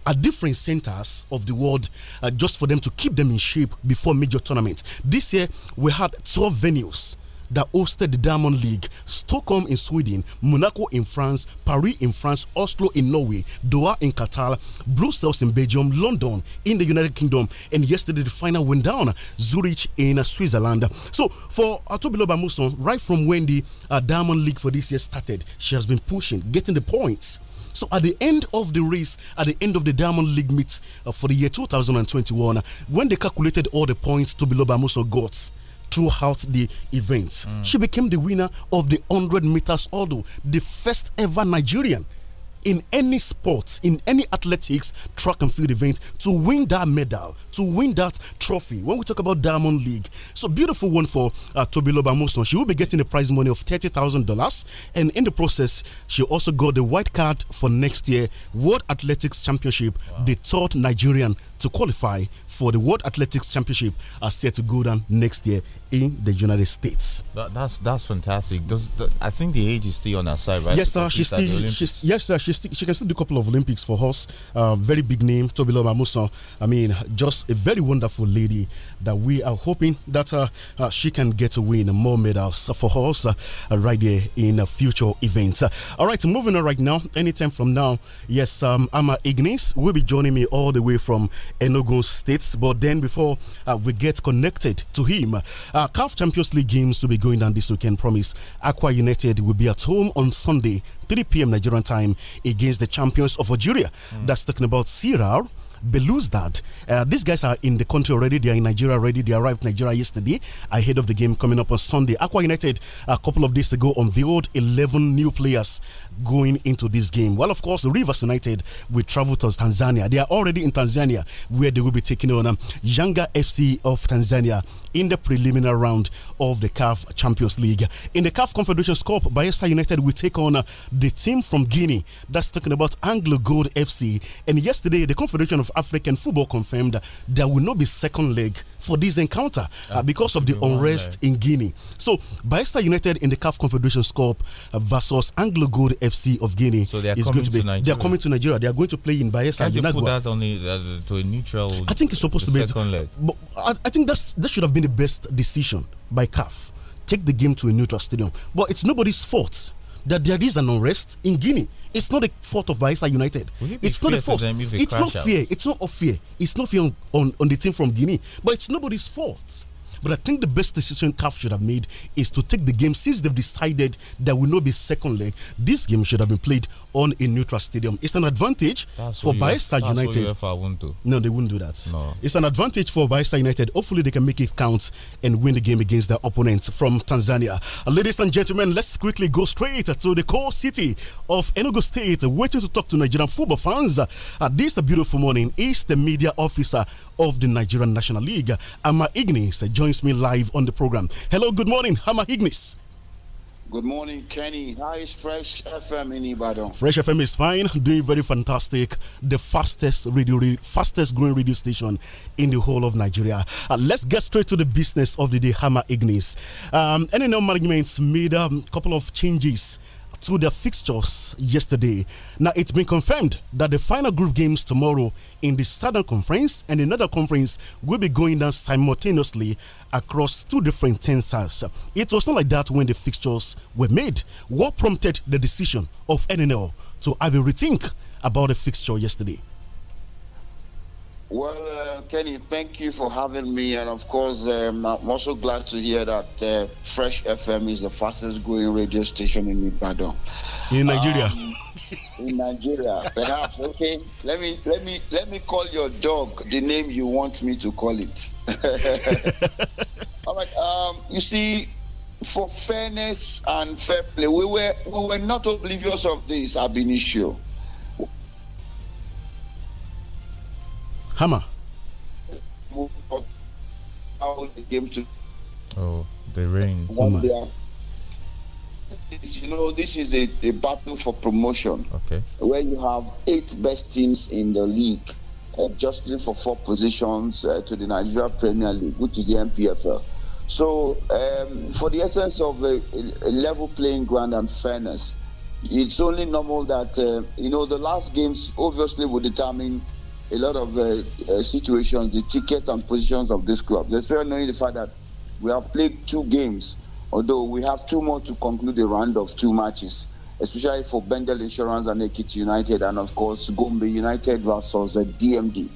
at different centers of the world uh, just for them to keep them in shape before major tournaments. This year, we had 12 venues that hosted the Diamond League Stockholm in Sweden, Monaco in France, Paris in France, Oslo in Norway, Doha in Qatar, Brussels in Belgium, London in the United Kingdom, and yesterday the final went down Zurich in uh, Switzerland. So for Atobilo Bamuson, right from when the uh, Diamond League for this year started, she has been pushing, getting the points so at the end of the race, at the end of the Diamond League meet uh, for the year 2021, when they calculated all the points to below Bamuso got throughout the events, mm. she became the winner of the 100 meters although the first ever Nigerian in any sport, in any athletics, track and field event to win that medal, to win that trophy. When we talk about Diamond League, so beautiful one for uh, Toby Lobamoson. She will be getting a prize money of $30,000. And in the process, she also got the white card for next year World Athletics Championship, wow. the third Nigerian to qualify for the World Athletics Championship are set to go down next year in the United States. That, that's that's fantastic. Does, that, I think the age is still on our side, right? Yes, sir. She's still, she's, yes, sir. She's still, she can still do a couple of Olympics for us. Uh, very big name, Tobilo Mamuson. I mean, just a very wonderful lady that we are hoping that uh, uh, she can get to win more medals for us uh, right there in future events. Uh, all right, moving on right now. Anytime from now, yes, um, Ama Ignis will be joining me all the way from Enugu State. But then before uh, we get connected to him, uh, CAF Champions League games will be going down this weekend. Promise Aqua United will be at home on Sunday, 3 p.m. Nigerian time against the champions of Algeria. Mm. That's talking about Sierra Belouzdad. Uh, these guys are in the country already. They are in Nigeria already. They arrived Nigeria yesterday ahead of the game coming up on Sunday. Aqua United, a couple of days ago, unveiled 11 new players going into this game. Well, of course, Rivers United will travel to Tanzania. They are already in Tanzania where they will be taking on um, Yanga FC of Tanzania in the preliminary round of the CAF Champions League. In the CAF Confederation Cup, Bayelsa United will take on uh, the team from Guinea. That's talking about Anglo Gold FC. And yesterday, the Confederation of of African Football confirmed there will not be second leg for this encounter uh, because of the unrest in Guinea. So, Baista United in the CAF Confederation Cup uh, versus Anglo Gold FC of Guinea. So they are coming to, be, to, Nigeria. They are coming to Nigeria. They are going to play in Baista. Can They put that on a, uh, to a neutral? I think it's supposed to be second leg. But I, I think that's that should have been the best decision by CAF. Take the game to a neutral stadium. But it's nobody's fault that there is an unrest in Guinea. It's not the fault of Baisa United. It's not the fault. It's not out? It's not fear. It's not fear on, on, on the team from Guinea. But it's nobody's fault. But I think the best decision CAF should have made is to take the game since they've decided there will not be second leg. This game should have been played on a neutral stadium. It's an advantage That's for Bayelsa United. No, they wouldn't do that. No. It's an advantage for Bayelsa United. Hopefully, they can make it count and win the game against their opponents from Tanzania. Uh, ladies and gentlemen, let's quickly go straight to the core city of Enugu State, waiting to talk to Nigerian football fans. Uh, uh, this beautiful morning is the media officer of the Nigerian National League, Ama Ignis, joins me live on the program. Hello, good morning, Ama Ignis. Good morning, Kenny. How is Fresh FM in Ibadan? Fresh FM is fine, doing very fantastic. The fastest radio, fastest growing radio station in the whole of Nigeria. Uh, let's get straight to the business of the day, Hammer Ignis. Um, NNL management made a um, couple of changes to their fixtures yesterday. Now, it's been confirmed that the final group games tomorrow in the Southern Conference and another conference will be going down simultaneously across two different tenses. It was not like that when the fixtures were made. What prompted the decision of NNL to have a rethink about the fixture yesterday? Well, uh, Kenny, thank you for having me. And of course, um, I'm also glad to hear that uh, Fresh FM is the fastest growing radio station in Ibadan. In Nigeria. Um, in Nigeria, perhaps. Okay. Let me let me let me call your dog the name you want me to call it. All right. Um, you see, for fairness and fair play, we were we were not oblivious of this ab issue. Hammer. Oh, the rain. Hammer. You know, this is a, a battle for promotion. Okay. Where you have eight best teams in the league uh, for four positions uh, to the Nigeria Premier League, which is the MPFL. So, um, for the essence of a, a, level playing ground and fairness, it's only normal that, uh, you know, the last games obviously will determine a lot of the uh, situations, the tickets and positions of this club, especially knowing the fact that we have played two games, although we have two more to conclude the round of two matches, especially for Bendel Insurance and Ekiti United, and of course Gombe United versus DMD.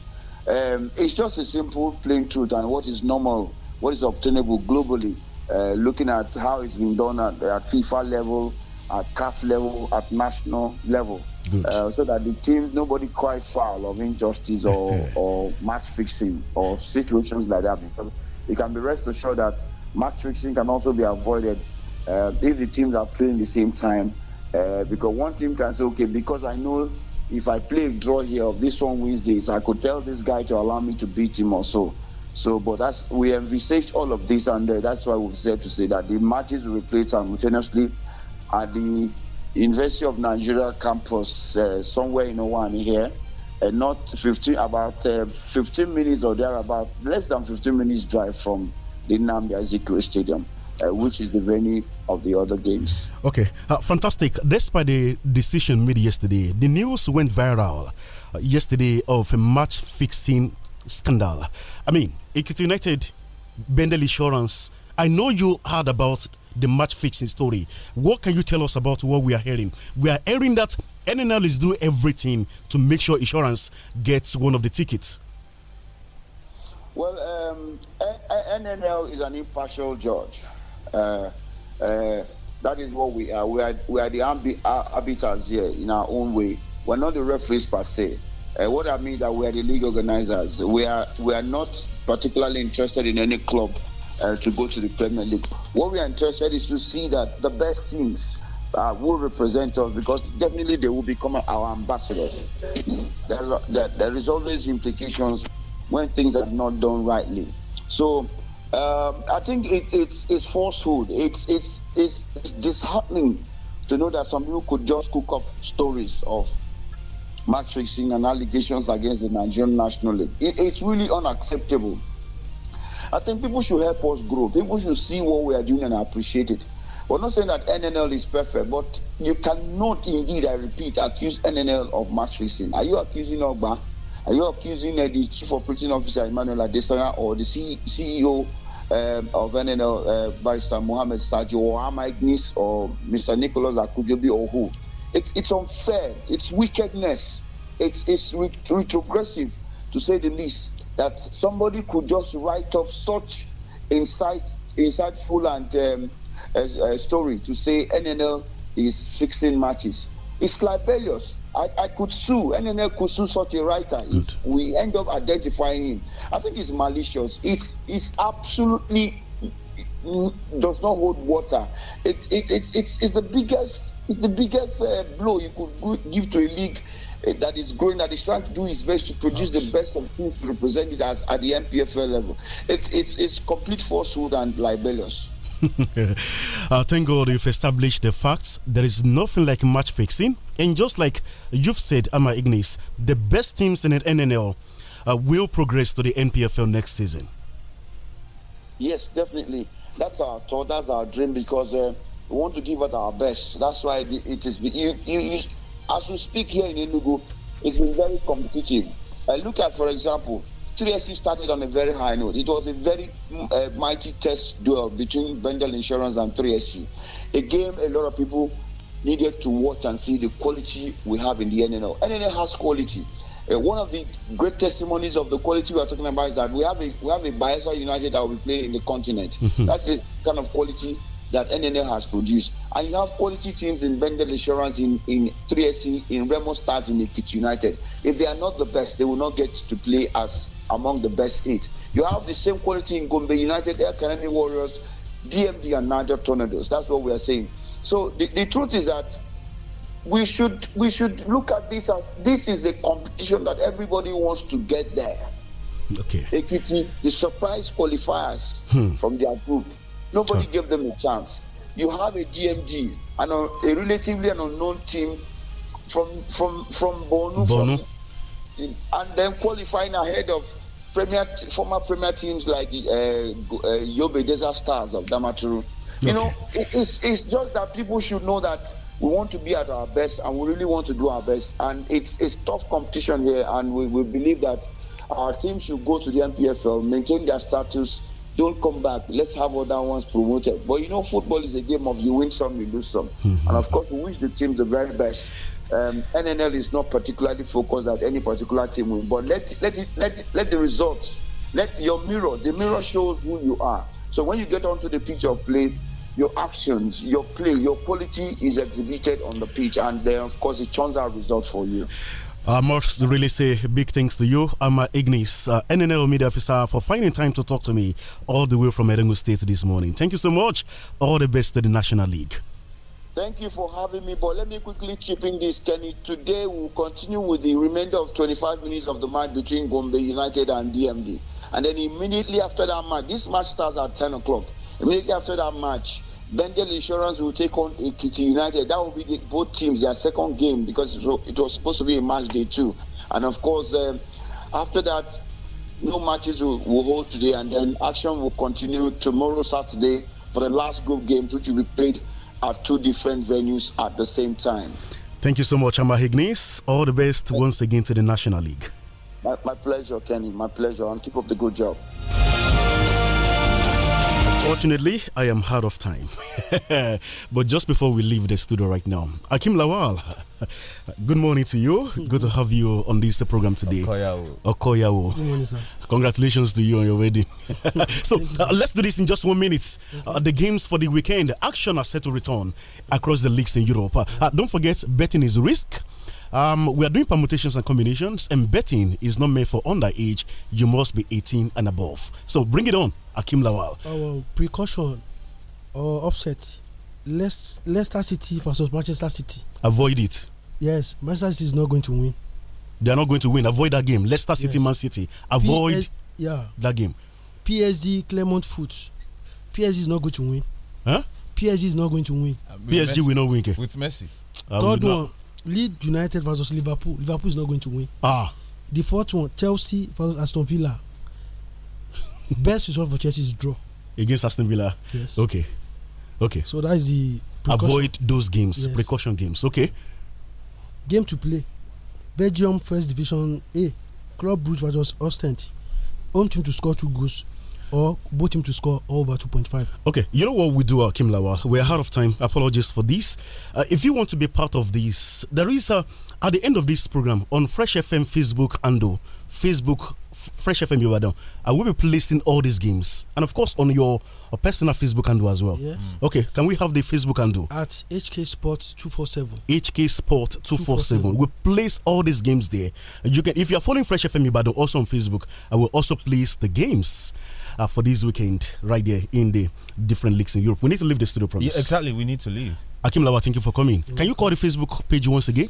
Uh, um, it's just a simple, plain truth and what is normal, what is obtainable globally, uh, looking at how it's been done at, at FIFA level, at CAF level, at national level uh, so that the teams nobody cries foul of injustice or, or match fixing or situations like that. Because you can be rest assured that match fixing can also be avoided uh, if the teams are playing the same time. Uh, because one team can say, okay, because I know if I play a draw here of this one wins this, I could tell this guy to allow me to beat him or so. So, but that's we envisaged all of this, and uh, that's why we've said to say that the matches will play simultaneously at the University of Nigeria campus uh, somewhere in Owani here, and uh, not 15, about uh, 15 minutes or there about less than 15 minutes drive from the Nambi Ezekiel Stadium. Uh, which is the venue of the other games. Okay, uh, fantastic. Despite the decision made yesterday, the news went viral uh, yesterday of a match fixing scandal. I mean, United, Bendel Insurance. I know you heard about the match fixing story. What can you tell us about what we are hearing? We are hearing that NNL is doing everything to make sure insurance gets one of the tickets. Well, um, NNL is an impartial judge. Uh, uh, that is what we are. We are, we are the arbiters here in our own way. We're not the referees per se. Uh, what I mean that we are the league organizers. We are we are not particularly interested in any club uh, to go to the Premier League. What we are interested is to see that the best teams uh, will represent us because definitely they will become our ambassadors. There's, there, there is always implications when things are not done rightly. So um, I think it's it's it's falsehood. It's, it's it's it's disheartening to know that some people could just cook up stories of match fixing and allegations against the Nigerian National League. It, it's really unacceptable. I think people should help us grow. People should see what we are doing and appreciate it. We're not saying that NNL is perfect, but you cannot indeed, I repeat, accuse NNL of match fixing. Are you accusing Ogba? Are you accusing uh, the chief operating officer Emmanuel Adesanya or the C- CEO um, of NNL uh, barrister Mohamed Saji or Ama Ignis or Mr. Nicholas Akujobi or who? It, it's unfair. It's wickedness. It's, it's re- retrogressive, to say the least that somebody could just write up such insight, insightful and um, a, a story to say NNL is fixing matches. It's libelous. I, I could sue, NNL could sue such a writer if we end up identifying him. I think it's malicious. It's, it's absolutely mm, does not hold water. It, it, it, it's, it's the biggest it's the biggest uh, blow you could give to a league Eh, that is growing That is trying to do its best to produce the best of food represented as at the MPFL level. It's it's it's complete falsehood and libelous. uh, thank God you've established the facts. There is nothing like match fixing, and just like you've said, Ama Ignis, the best teams in the NNL uh, will progress to the NPFL next season. Yes, definitely. That's our thought. That's our dream because. Uh, we want to give it our best. That's why it is. You, you, you, as we speak here in Enugu, it's been very competitive. I uh, look at, for example, 3SC started on a very high note. It was a very mm, uh, mighty test duel between Bendel Insurance and 3SC. A game a lot of people needed to watch and see the quality we have in the NNL. NNL has quality. Uh, one of the great testimonies of the quality we are talking about is that we have a we have a Bielsa United that will be playing in the continent. Mm-hmm. That's the kind of quality that NNL has produced. And you have quality teams in Bendel Insurance, in, in 3SC, in Remo Stars, in Ekiti United. If they are not the best, they will not get to play as among the best eight. You have the same quality in Gombe United, Air Canada Warriors, DMD, and Niger Tornadoes. That's what we are saying. So the, the truth is that we should we should look at this as this is a competition that everybody wants to get there. Okay. Equity, the surprise qualifiers hmm. from their group Nobody gave them a chance. You have a DMD, and a, a relatively an unknown team from from from Bonu, From, and then qualifying ahead of premier former premier teams like uh, uh, Yobe Desert Stars of Damaturu. You know, it, it's it's just that people should know that we want to be at our best and we really want to do our best. And it's it's tough competition here, and we, we believe that our team should go to the NPFL, maintain their status, don't come back. Let's have other ones promoted. But you know, football is a game of you win some, you lose some. Mm-hmm. And of course, we wish the team the very best. Um, NNL is not particularly focused at any particular team win, but let let it, let it, let the results, let your mirror, the mirror shows who you are. So when you get onto the pitch of play, your actions, your play, your quality is exhibited on the pitch, and then uh, of course it turns out results for you. I uh, must really say big thanks to you. I'm uh, Ignis, uh, NNL media officer, for finding time to talk to me all the way from Erengu State this morning. Thank you so much. All the best to the National League. Thank you for having me, but let me quickly chip in this, Kenny. Today we'll continue with the remainder of 25 minutes of the match between Gombe United and DMD. And then immediately after that match, this match starts at 10 o'clock. Immediately after that match, Bengal Insurance will take on Ekiti United. That will be the, both teams their second game because it was supposed to be a match day two, and of course um, after that no matches will, will, hold today, and then action will continue tomorrow Saturday for the last group games, which will be played at two different venues at the same time. Thank you so much, Amar Hignis. All the best once again to the National League. My, my pleasure, Kenny. My pleasure, and keep up the good job. Unfortunately, I am out of time. but just before we leave the studio right now, Akim Lawal, good morning to you. Good to have you on this program today. Okoyawo. Okoyawo. Good morning, sir. Congratulations to you on your wedding. so uh, let's do this in just one minute. Uh, the games for the weekend, action are set to return across the leagues in Europe. Uh, uh don't forget, betting is risk. Um, we are doing permutations and combinations, and betting is not made for underage. You must be 18 and above. So bring it on, Akim Lawal. Our precaution or upset. Leicester City versus Manchester City. Avoid it. Yes, Manchester City is not going to win. They are not going to win. Avoid that game. Leicester City, yes. Man City. Avoid P yeah. that game. PSG, Clermont Foot. PSG is not going to win. Huh? PSG is not going to win. Uh, PSG Messi. will not win. Ke. With Messi. Uh, Third one, Leeds United versus Liverpool. Liverpool is not going to win. Ah. The fourth one, Chelsea versus Aston Villa. Best result for Chelsea is draw. Against Aston Villa. Yes. Okay. Okay. So that is the precaution. avoid those games, yes. precaution games. Okay. Game to play: Belgium First Division A, Club Brugge versus Ostend. Home team to score two goals. or both teams to score over 2.5. Okay, you know what we do, uh, Kim Lawal? We're out of time. Apologies for this. Uh, if you want to be part of this, there is a, uh, at the end of this program on Fresh FM Facebook ando Facebook Fresh FM Ibadan, I will be placing all these games, and of course on your uh, personal Facebook handle as well. Yes. Mm. Okay, can we have the Facebook handle? At HK Sports two four seven. HK Sport two four seven. We place all these games there. You can, if you are following Fresh FM Ibadan also on Facebook, I will also place the games. Uh, for this weekend, right there in the different leagues in Europe. We need to leave the studio, promise. Yeah, exactly. We need to leave. Akim Lawa, thank you for coming. Can you call the Facebook page once again?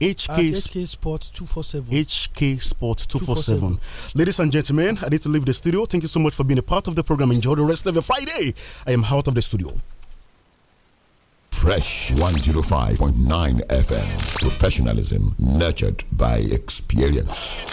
HK, HK Sport 247. HK Sport 247. 247. Ladies and gentlemen, I need to leave the studio. Thank you so much for being a part of the program. Enjoy the rest of your Friday. I am out of the studio. Fresh 105.9 FM. Professionalism nurtured by experience.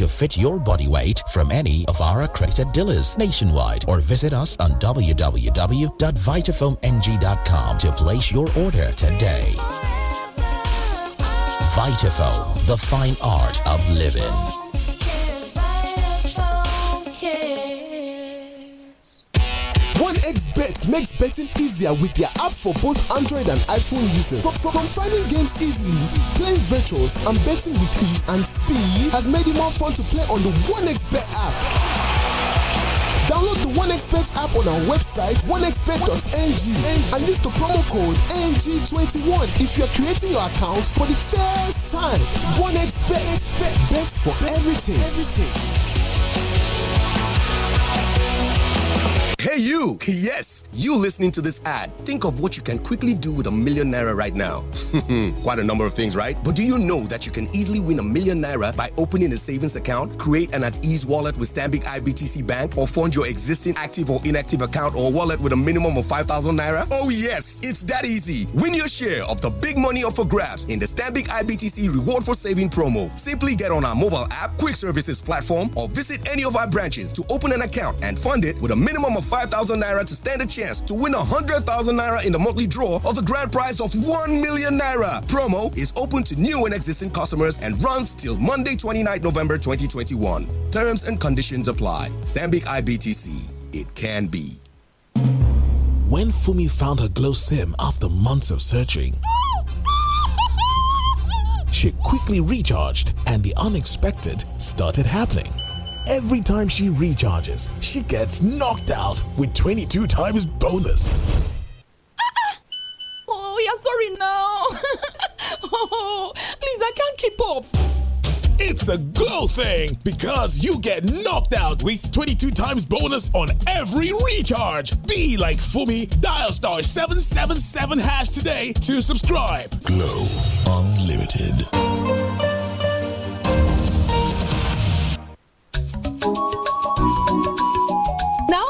to fit your body weight from any of our accredited dealers nationwide or visit us on www.vitafoamng.com to place your order today. Vitafoam, the fine art of living. 1xBet makes betting easier with their app for both Android and iPhone users. From, from, from finding games easily, playing virtuals, and betting with ease and speed has made it more fun to play on the 1xBet app. Download the 1xBet app on our website, 1xBet.ng, and use the promo code NG21 if you are creating your account for the first time. 1xBet, bet, for everything. everything. Hey, you! Yes, you listening to this ad. Think of what you can quickly do with a million naira right now. Quite a number of things, right? But do you know that you can easily win a million naira by opening a savings account, create an at ease wallet with Stanbic IBTC Bank, or fund your existing active or inactive account or wallet with a minimum of 5,000 naira? Oh, yes, it's that easy. Win your share of the big money up for grabs in the Stanbic IBTC Reward for Saving promo. Simply get on our mobile app, quick services platform, or visit any of our branches to open an account and fund it with a minimum of 5,000 naira to stand a chance to win 100,000 naira in the monthly draw of the grand prize of 1 million naira. Promo is open to new and existing customers and runs till Monday, 29 November 2021. Terms and conditions apply. Stanbic IBTC. It can be. When Fumi found her glow sim after months of searching, she quickly recharged and the unexpected started happening every time she recharges, she gets knocked out with 22 times bonus. Ah, ah. Oh, we sorry now. oh, please, I can't keep up. It's a glow thing because you get knocked out with 22 times bonus on every recharge. Be like Fumi, dial star 777 hash today to subscribe. Glow Unlimited.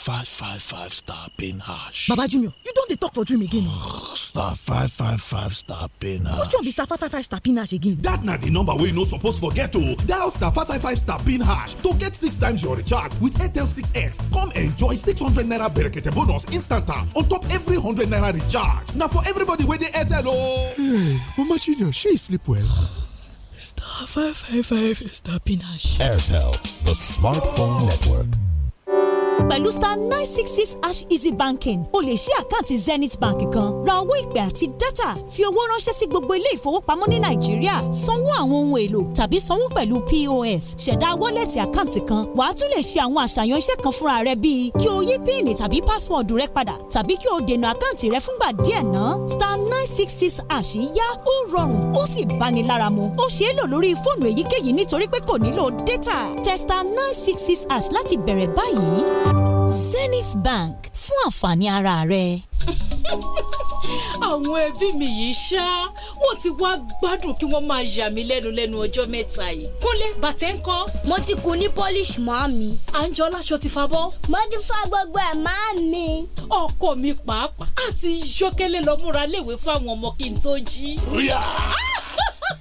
five five five stop being harsh. baba junior you don't talk for dream again Stop five five five star pin hash. which one be star five five five stop being harsh again. That na di number we no supposed forget o oh. dial star five five five stop being harsh to get six times your recharge with airtel 6x come enjoy six hundred naira berekete bonus instant ah, on top every hundred naira recharge Now for everybody wey the airtel o. Oh. hey mama junior she sleep well. star five five five stop being harsh. airtel the smartphone network. pẹ̀lú star nine six six hash easy banking o lè ṣí àkáǹtì zenith bank kan ra owó ìpè àti dátà fi owó ránṣẹ́ sí gbogbo ilé ìfowópamọ́ ní nàìjíríà sanwó àwọn ohun èlò tàbí sanwó pẹ̀lú pos ṣẹ̀dá wọ́lẹ̀tì àkáǹtì kan wàá tún lè ṣe àwọn àṣàyàn iṣẹ́ kan fúnra rẹ bíi kí o yí píìnì tàbí pásíwọ̀dù rẹ padà tàbí kí o dènà àkáǹtì rẹ fúngbà díẹ̀ ná star nine six six hash yá ó rọrùn ó sì báni lára mu ó ṣeé lò lórí fóònù èyíkéyìí nítorí pé kò nílò dátà testa nine six six hash láti bẹ̀rẹ̀ báyìí. Zenith Bank fún àǹfààní ara rẹ. àwọn ẹbí mi yìí ṣá wọn ti wá gbádùn kí wọ́n máa yà mí lẹ́nu lẹ́nu ọjọ́ mẹ́ta yìí. kúnlé bàtẹ́ ń kọ́. mo ti kun ní polish máa mi. àǹjọ láṣọ ti fa bọ́. mo ti fa gbogbo ẹ̀ máa mi. ọkọ mi pàápàá àti yọkẹlẹ lọ múra léwe fáwọn ọmọ kí n tó jí. ríà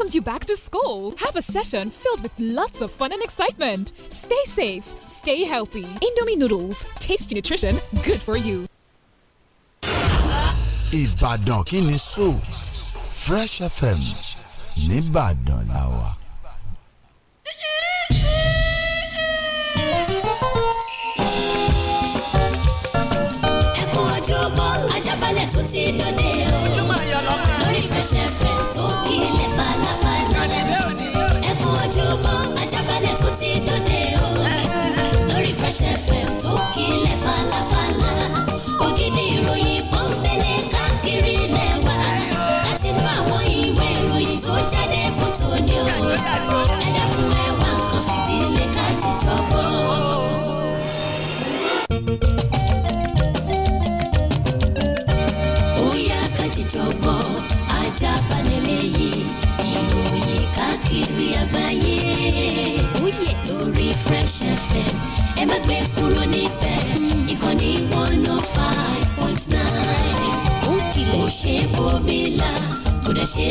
welcomes you back to school. Have a session filled with lots of fun and excitement. Stay safe, stay healthy. Indomie noodles, tasty nutrition, good for you. Ibadan kini so Fresh FM nìbàdàn làwà. Ẹ kú Ajábalẹ̀ ti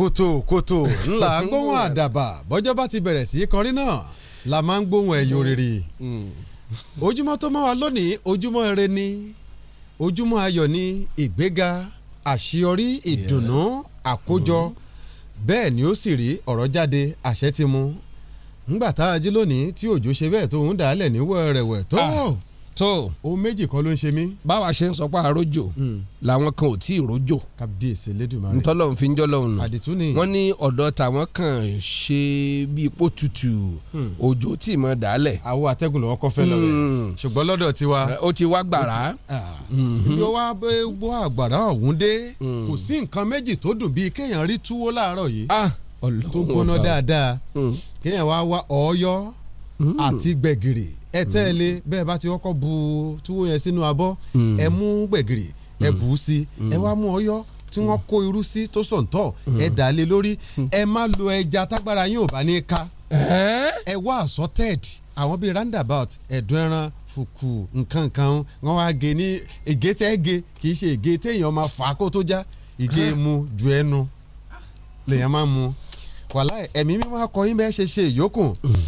kòtòkòtò ńlá gbóhùn àdàbà bọ́jọ́ bá ti bẹ̀rẹ̀ sí í kọrin náà la máa ń gbóhùn ẹ̀yọ rere mm. ojúmọ́ tó mọ́ wa lónìí ojúmọ́ ire ni ojúmọ́ ayọ̀ ni ìgbéga àṣeyọrí ìdùnnú àkójọ mm. bẹ́ẹ̀ ni ó sì rí ọ̀rọ̀ jáde àṣẹ ti mu ńgbà tá a jí lónìí tí òjò ṣe bẹ́ẹ̀ tó ń dàálẹ̀ ní wẹ́rẹ́wẹ́ tó. Ah tó. o méjì kọ́ ló ń ṣe mí. báwa ṣe ń sọ pé àròjò hmm. làwọn kan ò tí ì ròjò. kábíyèsí lẹ́dùnmáà rẹ̀ ntọ́lọ́hún fi ń jọ́ lọ́hún àdìtú ni. wọ́n ní ọ̀dọ́ tàwọn kan ṣe bí ipò tutù hmm. òjò tí mọ̀ dálẹ̀. àwo àtẹ́gùn lọ́wọ́ kọ́fẹ́ lọ rẹ̀ hmm. ṣùgbọ́n lọ́dọ̀ tiwa. ó ti wá gbàrà. Mhm. ibi ó wá wọ àgbàrá ọ̀hún dé kò sí nǹkan méjì tó dùn bíi kéèyàn rí túwó láàárọ̀ yìí ah, tó gbóná dáadáa kéèyàn wá wá ọ̀ọ́yọ́ Mm-hmm. àti gbẹ̀gìrì ẹ tẹ́lẹ̀ mm-hmm. bẹ́ẹ̀ bá ti kọ́kọ́ bu túwó yẹn sínú abọ́ mm-hmm. ẹ mú gbẹ̀gìrì ẹ bù ú sí ẹ wá mú ọyọ́ tí wọ́n kó irú sí tó sọ̀ǹtọ̀ ẹ dà lé lórí ẹ má lo ẹja tágbára yín ò bá ní ká ẹ wá assorted àwọn bíi roundabout ẹ̀dùn ẹran fùkù nǹkan kan wọn wá gé ní ègé tẹ́ gé kì í ṣe ègé téèyàn máa fà á kó tó já ìgé ah. mu ju ẹnu lèèyàn máa mu wàhálà ẹ̀mí mi máa kọ yín bẹ́ẹ̀ ṣe ṣe ìyókùn mm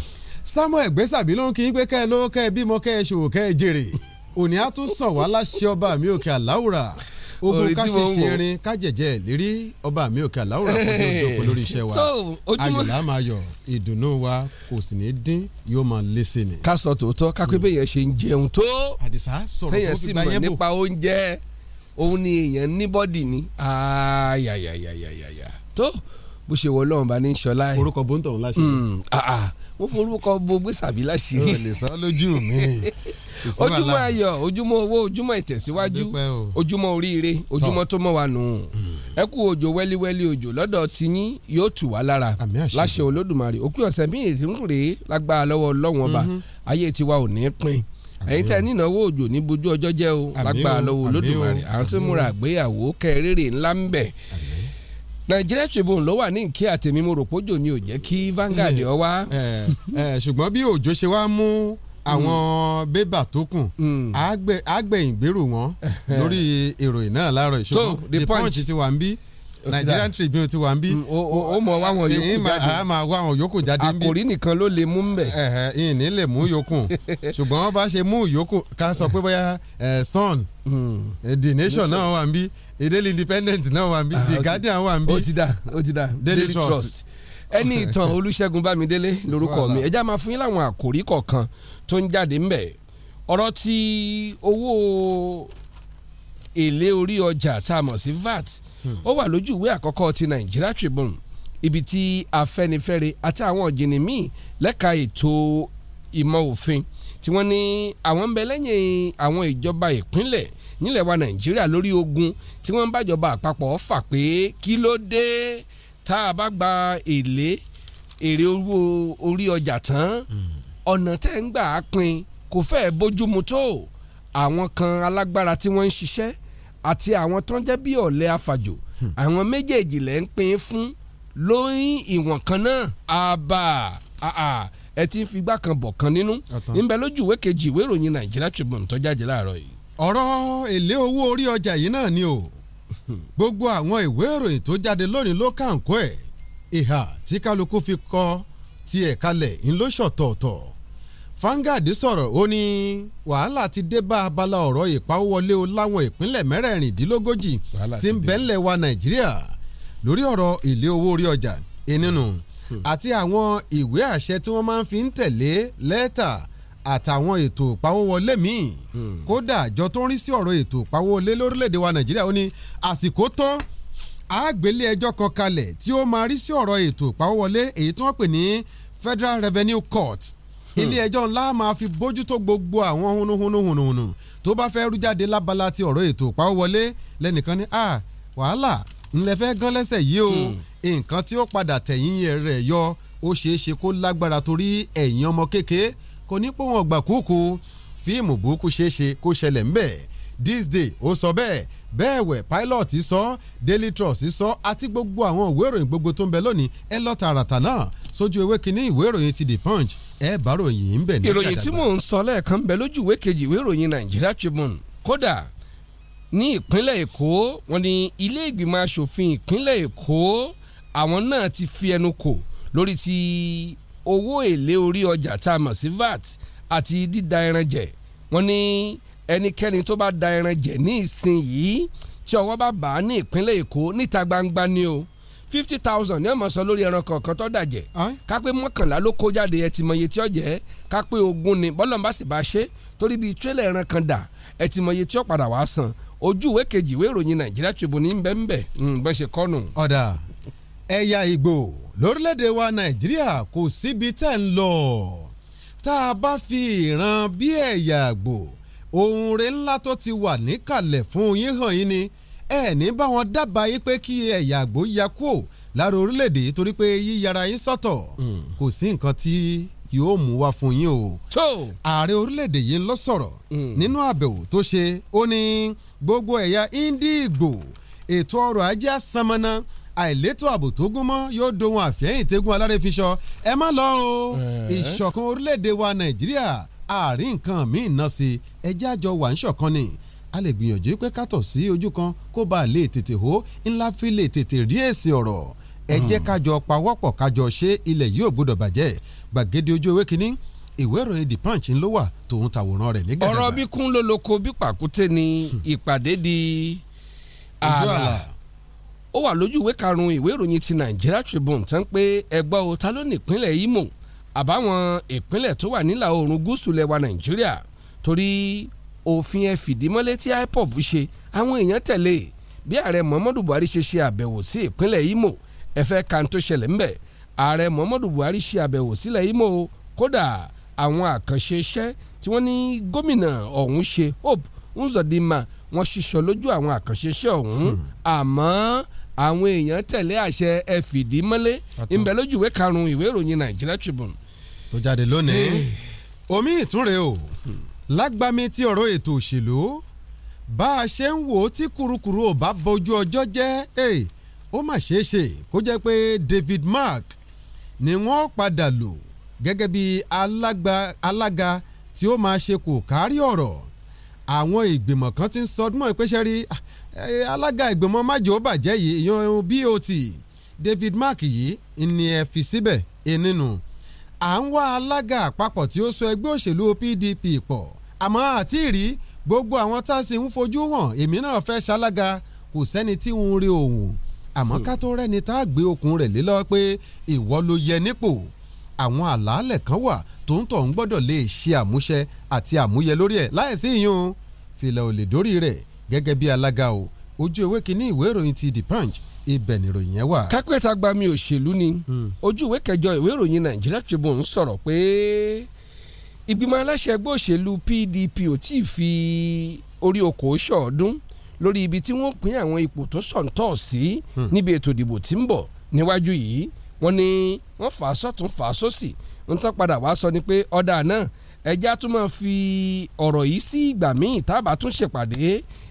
samuel gbèsàbí ló ń kí pé kẹ́ ẹ lówó kẹ́ ẹ bímọ kẹ́ ẹ ṣòwò kẹ́ ẹ jèrè òní á tún sàn wá láṣẹ ọba mi òkè àláwùrà ogun ká ṣe ṣe irin ká jẹjẹ lérí ọba mi òkè àláwùrà kò dé ojú òpó lórí iṣẹ́ wa ayọ̀ là máa yọ̀ ìdùnnú wa kò sì ní dín yóò máa lé sí ni. ká sọ tòótọ́ ká pé bẹ́ẹ̀ yẹn ṣe ń jẹun tó tẹ̀yàn sì mọ̀ nípa oúnjẹ òun ni èèyàn ní bọ́dì ni ayayayayaya tó bó ṣe wọ ọlọ́run bá ní ṣọlá ẹ̀. orúkọ bóńtọ̀ ńlá ṣe. Hmm, wọ́n forúkọ bo gbèsàbí láṣìírí. o lè sọ lójú mi. ojúmọ́ ayọ̀ ojúmọ́ owó ojúmọ́ ìtẹ̀síwájú ojúmọ́ oríire ojúmọ́ tó mọ́ wa nù. Hmm. ẹ kú òjò wẹ́líwẹ́lí òjò lọ́dọ̀ tiyín yóò tù wá lára láṣẹ olódùmarè òpin ọ̀sẹ̀ bí ìrìnkùrè lágbára lọ́wọ́ ọlọ́wọ́n ọba hmm. ayé tiwa ò ní pín ẹ̀yin tẹ́ nínáwó òjò ní bojú ọjọ́ jẹ́ o lágbára lọ́wọ́ olódùmarè à ń tún múra àgbéyàwó kẹ́rẹ́rẹ́ ńlá ń bẹ̀. àmín Nigeria Tribune ló wà ní nkí àtẹ̀mí mo rò pójò ni ò jẹ́ kí Vanguard ọ wá. Eh, eh, ṣùgbọ́n bí òjò ṣe wá mú àwọn hmm. bébà tó kù hmm. àgbẹ̀yìn gbèrò wọn eh, lórí ìròyìn náà láàárọ̀ ìṣòro the punch ti wà ń bí. Nigerian Tribune ti wà ń bí. Mm, o mọ wáwọn yòókù jáde a máa wáwọn yòókù jáde ń bí. àkòrí nìkan ló lè mú mbẹ. ìyìn ní lè mú yòókù ṣùgbọ́n wọ́n bá ṣe mú yòókù ká sọ pé bóyá sun mm. eh, the nation náà wà ń bí daily independent náà wà ń bí ah, the guardian wà ń bí. ó daily trust ẹni ìtàn olùṣègùn bámidélé lórúkọ mi ẹjá máa fún yín láwọn àkòrí kọ̀ọ̀kan tó ń jáde ńbẹ ọ̀rọ̀ ti owó èlé orí ọjà tá a mọ̀ sí VAT ó wà lójú ìwé àkọ́kọ́ ti Nigeria Tribune ibi tí Afẹ́nifẹ́re àti àwọn ọ̀jìnì míì lẹ́ka ètò ìmọ̀ òfin tí wọ́n ní àwọn ń bẹ lẹ́yìn àwọn ìjọba ìpínlẹ̀ nílẹ̀ wa Nàìjíríà lórí ogun tí wọ́n ń bájọba àpapọ̀ fà pé kí ló dé tá a bá gba èlé èrè owó orí ọjà tán ọ̀nà tẹ́ ń gbà á pin kò fẹ́ẹ̀ bójúmu tó àwọn kan alágbára tí wọ́n ń ṣiṣẹ́ àti àwọn tó ń jẹ́ bí ọ̀lẹ afàjò hmm. àwọn méjèèjì lẹ́ ń pín fún lórí ìwọ̀n kan náà àbá ẹ ti ń fi igbá kan bọ̀ kan nínú níbẹ̀ lójú ìwé kejì ìwé ìròyìn Nàìjíríà Tribune tó jáde láàárọ̀ yìí. ọ̀rọ̀ èlé owó orí ọjà yìí náà ni o gbogbo àwọn ìwé ìròyìn tó jáde lónìí ló kà ń kó ẹ̀ ìhà tí kálukú fi kọ tiẹ̀ kalẹ̀ ńlọ́ṣọ̀tọ̀ọ̀tọ̀ Vanguard sọ̀rọ̀ ó ní wàhálà ti dé bá abala ọ̀rọ̀ ìpawówọlé o láwọn ìpínlẹ̀ mẹ́rẹ̀ẹ̀rìndínlógójì tí ń bẹ́ńlẹ̀ wa Nàìjíríà lórí ọ̀rọ̀ ìlé owó orí ọjà ìnínú hmm. àti àwọn ìwé àṣẹ tí wọ́n máa ń fi ń tẹ̀lé lẹ́tà àtàwọn ètò ìpawówọlé míì hmm. kódà àjọ tó ń rí sí ọ̀rọ̀ ètò ìpawówọlé lórílẹ̀‐èdè wa Nàìjíríà ó ní àsìkò tó àgbélé ẹjọ́ kan kalẹ̀ tí ó máa rí sí ọ̀rọ̀ ètò ìpawówọlé èyí tí wọ́n pè ní Federal Revenue Court Hmm. ilé ẹjọ́ ńlá máa fi bójútó gbogbo àwọn hunuhunuhunuhunu tó bá fẹ́ rú jáde lábala ti ọ̀rọ̀ ètò ìpawówọlé lẹ́nìkan ní ah wàhálà ńlẹ̀ fẹ́ gán lẹ́sẹ̀ yìí o hmm. nǹkan tí ó padà tẹ̀yìn rẹ̀ yọ ó ṣeé ṣe kó lágbára torí ẹ̀yìn ọmọ kékeré kò ní pòun ọ̀gbà kúkú fíìmù burúkú ṣeé ṣe kó ṣẹlẹ̀ ńbẹ̀ this day ó sọ bẹ́ẹ̀ bẹ́ẹ̀ wẹ̀ pilot sọ daily trust sọ àti gbogbo àwọn ìwé ìròyìn gbogbo tó ń bẹ lónìí ẹ lọ tààràtà náà sójú ewé kínní ìwé ìròyìn ti the punch ẹ bá ròyìn ń bẹ ní. ìròyìn tí mò ń sọ lẹ́ẹ̀kan bẹ lójú ìwé kejì ìwé ìròyìn Nigeria Tribune kódà ní ìpínlẹ̀ Èkó wọ́n ní ilé ìgbìmọ̀ asòfin ìpínlẹ̀ Èkó àwọn náà ti fi ẹnu kò lórí ti owó èlé orí ọjà tá a mọ̀ sí VAT àti dídá ẹran jẹ wọ́n ní ẹnikẹ́ni tó bá da ẹran jẹ ní ìsìn yìí tí ọwọ́ bá bá a ní ìpínlẹ̀ èkó níta gbangba ni o fifty thousand ní ọmọ sọ lórí ẹran kọ̀ọ̀kan tó dàjẹ́ kápẹ́ mọ́kànlá ló kó jáde ẹ ti mọye tí ó jẹ́ kápẹ́ ogún ni bọ́lá bá sì bá ṣe torí bíi tírélà ẹran kan dà ẹ ti mọye tí ó padà wá san ojú ìwé kejì ìwé ìròyìn nàìjíríà Tribune ń bẹ́ ń bẹ́ bẹ́ẹ̀ ṣe kọ́nù. ọ̀dà ẹ̀yà ìgbò lórílẹ̀‐èdè wa nàìjíríà kò síbi tẹ́ ń lọ tá a bá fi ìran bí ẹ̀yà àgbò ohun rẹ̀ ńlá tó ti wà níkàlẹ̀ fún yín hàn yín ni ẹ ní bá wọn dábàá yín pé kí ẹ̀yà àgbò ya kú ò lára orílẹ̀-èdè torí pé yíyára yín sọ́tọ̀ hmm. kò sí nǹkan tí yóò mú wá fún yín o. ààrẹ orílẹ̀-èdè yìí ń lọ sọ̀rọ̀ hmm. nínú àbẹ̀wò tó ṣe ó ní gbogbo ẹ̀yà Ìndígbò ètò ọrọ̀ ajé àsanmọ́ná àìlétò ààbò tó gún mọ́ yóò dohun àfẹ́yìntẹ́gùn alárẹ́fiṣọ ẹ má lọ o ìṣọ̀kan orílẹ̀-èdè wa Nàìjíríà àárín nǹkan míì ná sí ẹjẹ́ àjọ wà ń ṣọ̀kan ni a lè gbìyànjú pé kátọ̀ sí ojú kan kó bá a lè tètè hó ńlá fi lè tètè rí èsì ọ̀rọ̀ ẹ jẹ́ kájọ pawọ́pọ̀ kájọ ṣe ilẹ̀ yìí gbọdọ̀ bàjẹ́ gbàgede ojú ewé kínní ìwé ìròyìn the punch ló wà tòun tàwòrán rẹ̀ ní gàdàgbà. ọ̀rọ̀ bí kún ló lóko bí pàkúté ni hmm. ìpàdé di ààlà ó wà lójú ìwé karùn-ún ìwé ìròyìn ti Nigeria Tribune tán pé ẹgbọ́ ta ló nípínlẹ̀ Imo àbáwọn ìpínlẹ̀ tó wà nílà oòrùn gúúsù lẹwa nàìjíríà torí òfin ẹ fìdímọ́lé tí ipob ṣe àwọn èèyàn tẹ̀lé e. bí ààrẹ muhammadu buhari ṣe ṣe àbẹ̀wò sí ìpínlẹ̀ imo ẹ fẹ́ kan tó ṣẹlẹ̀ ńbẹ̀ ààrẹ muhammadu buhari ṣe àbẹ̀wò sílẹ̀ imo kódà àwọn àkànṣe iṣẹ́ tí wọ́n ní gómìnà ọ̀hún ṣe hope nzọdima wọ́n ṣiṣọ lójú àwọn àkànṣe iṣẹ́ ọ̀hún hmm. àmọ́ àwọn èèyàn tẹ̀lé àṣẹ ẹ fìdímọ́lé karùn-ún ìwé ìròyìn Nigeria Tribune tó jáde lónìí omi ìtúnre o lágbàmí tí ọ̀rọ̀ ètò òṣèlú bá a ṣe ń wò ó tí kurukuru ò bá bójú ọjọ́ jẹ́ ó mà ṣeé ṣe kó jẹ́ pé David Mark ni wọ́n padà lò gẹ́gẹ́ bí alága tí ó máa ṣe kò kárí ọ̀rọ̀ àwọn ìgbìmọ̀ kan ti ń sọdúnmọ́ ìpèsè rí ah, eh, alága ìgbìmọ̀ májò bàjẹ́ yìí yan BOT David Mark yìí ni ẹ fi síbẹ̀ ẹnìnú. E à ń wá alága àpapọ̀ tí ó so ẹgbẹ́ òṣèlú PDP pọ̀ àmọ́ àti ìrí gbogbo àwọn tá a sì ń fojú hàn èmi náà fẹ́ ṣalága kò sẹ́ni tí ń rí òun àmọ́ ká tó rẹ́ni tá a gbé okùn rẹ̀ lé pé ìwọ ló yẹ nípò àwọn àlàálẹ̀ kan wà tó ń tọ̀ ń gbọ́dọ̀ lè ṣe àmúṣẹ àti àmúyẹ lórí ẹ̀ láìsí ìyún fìlà ò rẹ̀ gẹ́gẹ́ bí alága o ojú ewé kínní ìwé ìròyìn ti The Punch ibẹ̀ nìròyìn yẹn wà. kápẹ́tà gba mi òṣèlú ni hmm. ojú ìwé kẹjọ ìwé ìròyìn Nàìjíríà Tribune ń sọ̀rọ̀ pé ìgbìmọ̀ aláṣẹ ẹgbẹ́ òṣèlú PDP ò tí ì fi orí okòó ṣọ̀ọ́dún lórí ibi tí wọ́n pín àwọn ipò tó sọ̀ǹtọ̀ sí hmm. níbi ètò ìdìbò tí ń bọ̀ níwájú yìí wọ́n ní wọ́n fà á sọ́tún fà á sósì ń tán padà wá sọ ni pé ọ̀dà náà ẹjẹ́ tún máa fi ọ̀rọ̀ yìí sí ìgbà míì tá tún ṣèpàdé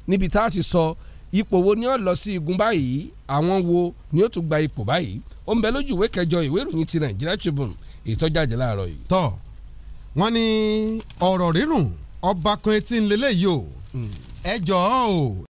níbi tá a ti sọ so, ipò wo ni ó lọ sí igun báyìí àwọn wo ni ó tún gba ipò báyìí ó ń bẹ lójú ìwé kẹjọ ìwé ìròyìn ti Nigeria Tribune ìtọ́jáde láàárọ̀ yìí. tọ́ wọ́n ní ọ̀rọ̀ rírùn ọba etí ń lélẹ́yìí o hmm. ẹ jọ̀ọ́ o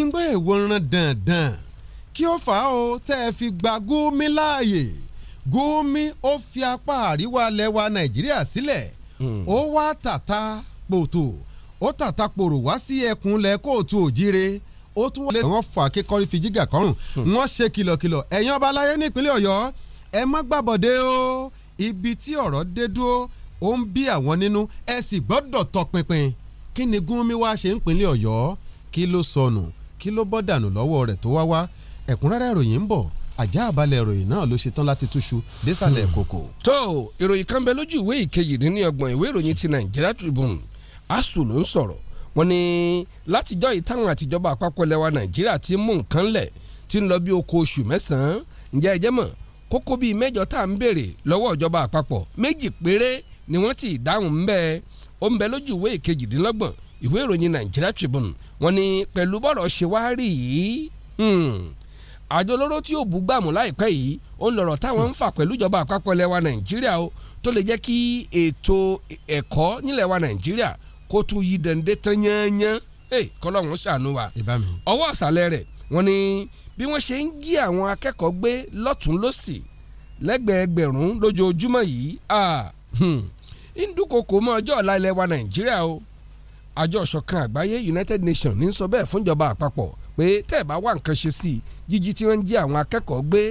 ìgbà ìwòran dandan kí ó fà á o tẹ́ ẹ fi gba Gumi láàyè Gumi ó fi apá àríwá lẹ́wà Nàìjíríà sílẹ̀ hmm. ó wá tàta pòtò ó tàta pòrò wá sí ẹkùn lẹ kóòtù òjire ó tún wọlé wọn fà kíkọrí fi jígà kọrùn hmm. wọn ṣe kìlọ̀kìlọ̀ ẹ̀yin ọba aláyé nípínlẹ̀ Ọ̀yọ́ ẹ má gbàbọ̀dé o ibi tí ọ̀rọ̀ dé dúró ó ń bí àwọn nínú ẹ sì gbọ́dọ̀ tọpinpin kí ni Gumi wá ṣe ń pínlẹ̀ Ọ̀yọ́ kí ló sọnù kí ló bọ́ dànù lọ́wọ́ rẹ̀ tó wá wá ẹ̀kúnrẹ́rẹ́ ìròyìn ń bọ̀ àjá àbálẹ̀ ìròyìn náà ló ṣe tán láti túṣu désàlẹ̀ hmm. kòkò. tó ìròyìn kan bẹ lójú ìwé ìkejì dín ní ọgbọ̀n ìwé ìròyìn ti Nigeria Tribune ASUU ló ń sọ̀rọ̀ wọ́n ní látijọ́ yìí táwọn àpapọ̀ lẹwa Nàìjíríà ti mú nǹkan lẹ̀ tí ń lọ bí oko oṣù mẹ́sàn-án ǹjẹ́ ẹ jẹ́ mọ̀ kókó bíi mẹ́jọ tá à ń béèrè lọ́wọ́ ìjọba àpapọ̀ méjì péré ni wọ́n ti dáhùn ń bẹ́ẹ̀ ó ń bẹ lójú ìwé ìkejìdínlọ́gbọ̀n ìwé ìròyìn Nigeria Tribune wọ́n ní pẹ̀lú bọ́rọ̀ ṣe wá rí yìí hmm. àjọ olóró tí yóò búgbàmù láìpẹ́ yìí ó ń lọ̀rọ̀ táwọn ń fà pẹ̀lú ìjọba àpapọ̀ ilẹ̀ wa Nàìjíríà o tó lè jẹ́ kí ètò ẹ̀kọ́ nílẹ̀ wa Nàìjíríà kó tún yí dẹ̀ǹdé tán yányán kọ́lọ́hún ṣàánú wa ọwọ́ ọ̀sàlẹ̀ rẹ̀ wọ́n ní bí wọ́n ṣe ń gí àwọn akẹ́kọ̀ọ́ gbé lọ́tún lọ́sì lẹ́gbẹ̀ẹ́gbẹ̀rún lójoojúmọ́ yìí hmm, ń dúnkokò mọ́ ọjọ́ ọ̀la ilẹ̀ wa Nàìjíríà o àjọ ìṣọ̀kan àgbáyé United Nations ní sọ bẹ́ẹ̀ fúnjọba àpapọ̀ pé tẹ́ ẹ̀ bá wá nǹkan ṣe sí i jíjí tí wọ́n ń jí àwọn akẹ́kọ̀ọ́ gbé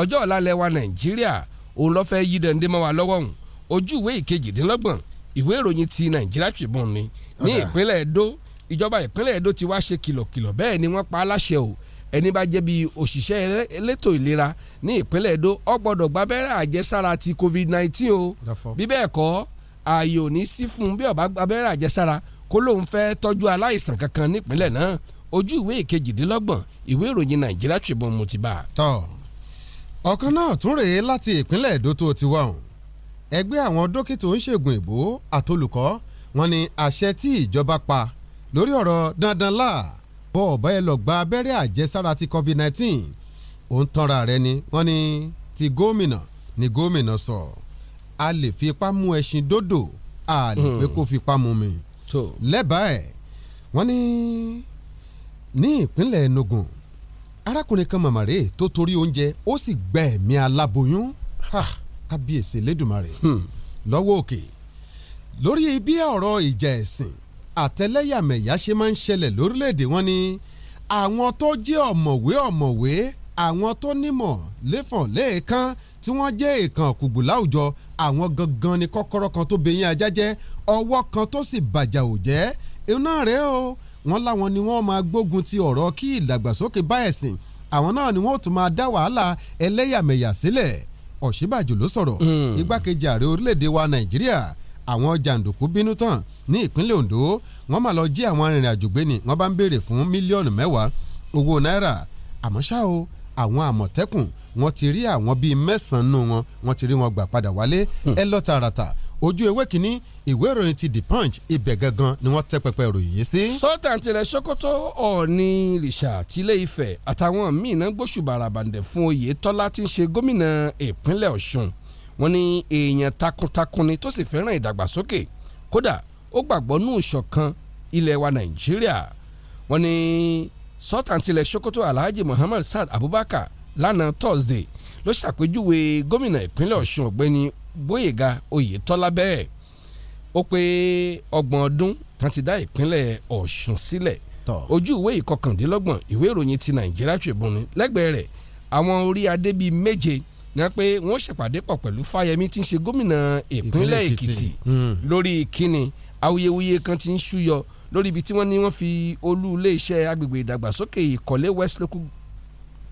ọjọ́ ọ̀la lẹ́wà Nàìjíríà òun lọ́ fẹ́ yí dẹ̀ǹdé mọ́ wa lọ́wọ́ hùn ojú ìwé ìkejìdínlọ́gbọ̀n ìwé ìròyìn ti Nàìjíríà Tribune ni ní ìpínlẹ̀ Edo ìjọba ìpínlẹ̀ Edo ti wá ṣe kìlọ̀kìlọ̀ bẹ́ẹ̀ ni wọ́n pa á láṣẹ o ẹni bá jẹ́ bíi òṣìṣẹ́ elétò ìlera ní ìpínlẹ̀ Edo ó gbọ́dọ̀ gba abẹ́rẹ́ àjẹsára ti COVID-19 o bí bẹ́ẹ̀ kọ́ ààyè ò ní sí fún bí ó bá àjẹsára kó lóun fẹ́ tọ́jú aláìsàn kankan nípínlẹ̀ náà ojú ìwé ìkejìdínlọ́gbọ̀n ìwé ìròyìn nàìjíríà Tribune mo ti bá a. tọ́ ọ̀kan náà tún rèé láti ìpínlẹ̀ èdò tó ti wà hùn ẹgbẹ́ àwọn dókítà oníṣègùn ìbò àtolùkọ́ wọn ni àṣẹ tí ìjọba pa lórí ọ̀rọ̀ dandan láà bọ́ ọ̀bá ẹ lọ gba abẹ́rẹ́ àjẹsára ti covid-19 ò ń tanra rẹ ni wọ́n ní ti gómìnà ni gómìnà sọ a lè fi ipá mú ẹṣin dódò a lè pé hmm. kó fi mú mi tó lẹ́bàá ẹ̀ wọ́n ní ní ìpínlẹ̀ Enugu arákùnrin kan màmàrè tó torí oúnjẹ ó sì gba ẹ̀mí aláboyún kábíyèsí lẹ́dùnmarè hmm. lọ́wọ́ òkè lórí bí ọ̀rọ̀ ìjà ẹ̀sìn àtẹlẹ́yàmẹ̀yà ṣe máa ń ṣẹlẹ̀ lórílẹ̀‐èdè wọn ni àwọn tó jẹ́ ọ̀mọ̀wé ọ̀mọ̀wé àwọn tó nímọ̀ lẹ́fọ̀n lẹ́ẹ̀kan tí wọ́n jẹ́ èèkàn kùgbù láwùjọ àwọn gangan ni kọ́kọ́rọ́ kan tó bẹ̀yìn ajá jẹ́ ọwọ́ kan tó sì bàjá ò jẹ́ iná rẹ̀ o wọ́n láwọn ni wọ́n máa gbógun ti ọ̀rọ̀ kí ìdàgbàsókè bá ẹ̀sìn àwọn náà ni wọ́n tún máa dá wàhálà ẹlẹ́yàmẹ̀yà sílẹ̀ ọ̀ṣíbàjò ló sọ̀rọ̀ hmm. igbákejì ààrẹ orílẹ̀-èdè wa nàìjíríà àwọn jàǹdùkú bínú tán ní ìpínlẹ̀ ondo wọ́n máa lọ jí àwọn arìnrìn-àjò gbé ni wọ́n bá ń béèrè fún mílíọ̀nù mẹ́wàá owó náírà àmọ́ ṣá o àwọn àmọ̀tẹ́kùn wọ́n ti rí àwọn bíi mẹ́sàn-án nù wọn wọ́n ti rí wọn gbà padà wálé hmm. ẹ lọ tààràtà ojú ewé kínní ìwé ìròyìn ti the punch ibẹ̀ gangan ni wọ́n tẹ́ pẹpẹ ìròyìn yìí sí. sultan tilẹ̀ sokoto ọ̀ọ́ni rìṣà tilé ifẹ̀ àtàwọn míì náà gbóṣùbà àràbàǹdẹ̀ fún oyetola tí ń ṣe gómìnà ìpínlẹ̀ ọ̀ṣun wọ́n ní èèyàn takuntakun ni tó sì fẹ́ràn ìdàgbàsókè kódà ó gbàgbọ́ nù ìṣọ̀kan ilẹ̀ wa nàìjíríà wọ́n ní sọ́tàntilẹ̀ Sokoto Alhaji Muhammad Saad Abubakar lánàá Thursday ló ṣàpèjúwe gómìnà ìpínlẹ̀ Ọ̀ṣun ọ̀gbẹ́ni Gbóyèga Oyètọ́lá bẹ́ẹ̀ ó pé ọgbọ̀n ọdún tán ti dá ìpínlẹ̀ Ọ̀ṣun sílẹ̀ ojú ìwé ìkọkàndínlọ́gbọ̀n ìwé ìròyìn ti Nàìjíríà Tribune lẹ́gbẹ̀ẹ́ rẹ̀ àwọn orí adé bíi méje ni wọ́n pé wọ́n ṣèpàdé pọ̀ pẹ̀lú Fáyẹmí tí ń ṣe gómìnà ìpínlẹ̀ Èkìtì hmm. lórí kíni awuyewuye kan ti ń ṣúyọ lórí ibi tí wọ́n ní wọ́n fi olú iléeṣẹ́ agbègbè ìdàgbàsókè ìkọ̀lé west local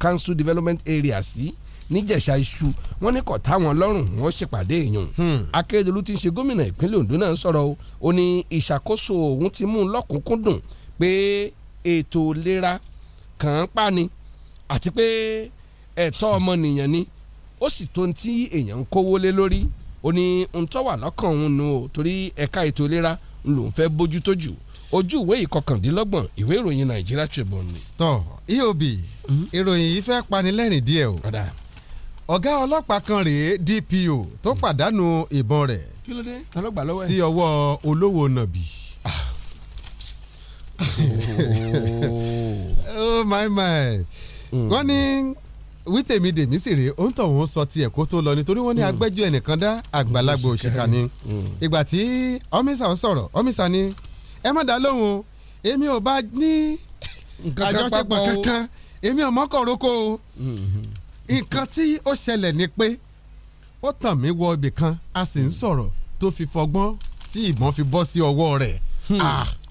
council development area sí níjẹ̀ṣà iṣu wọ́n ní kọ̀ táwọn lọ́rùn wọ́n ṣèpàdé èèyàn hmm. akérèdọ́lù ti ń ṣe gómìnà ìpínlẹ̀ ondo náà sọ̀rọ̀ ó ní ìṣàkóso òun ti mú un lọ́kùnkúndùn pé ètò ìlera kàn án pa ni àti pé ẹ̀tọ́ ọmọnìyàn ni ó sì tó ti èèyàn ń kówó lé lórí ó ní ń tọ́wà lọ́kàn òun nù ó torí ẹ̀ka ètò ìlera ń lòún fẹ́ bójútójú ojú ìwé ìkọkàndínlọ́gbọ̀n ìwé ìròyìn Nigeria Tribune ni. tọ eob mhm. ìròyìn yìí fẹ́ panilẹ́rìn díẹ̀ o ọ̀gá ọlọ́pàá kan rèé DPO tó mhm. pàdánù ìbọn rẹ̀ sí ọwọ́ olówó nàbì. Ah. oh my my mm. wọ́n ní wí tèmi dèmi sì rèé ó ń tọ̀ wọ́n sọ tiẹ̀ kó tó lọ nítorí wọ́n ní mm. agbẹ́jọ́ ẹnìkan dá àgbàlagbà mm. òṣìkà ni ìgbà tí ọmísà sọ̀rọ̀ ọmísà ni ẹ má dá lóhùn o èmi ò bá ní àjọṣepọ̀ kankan èmi ò mọ́kànrókò o mm-hmm. nǹkan tí ó ṣẹlẹ̀ ni pé ó tàn mí wọ ibì kan a sì ń sọ̀rọ̀ tó fi fọgbọ́n tí ìbọn fi bọ́ sí ọwọ́ rẹ̀ hmm.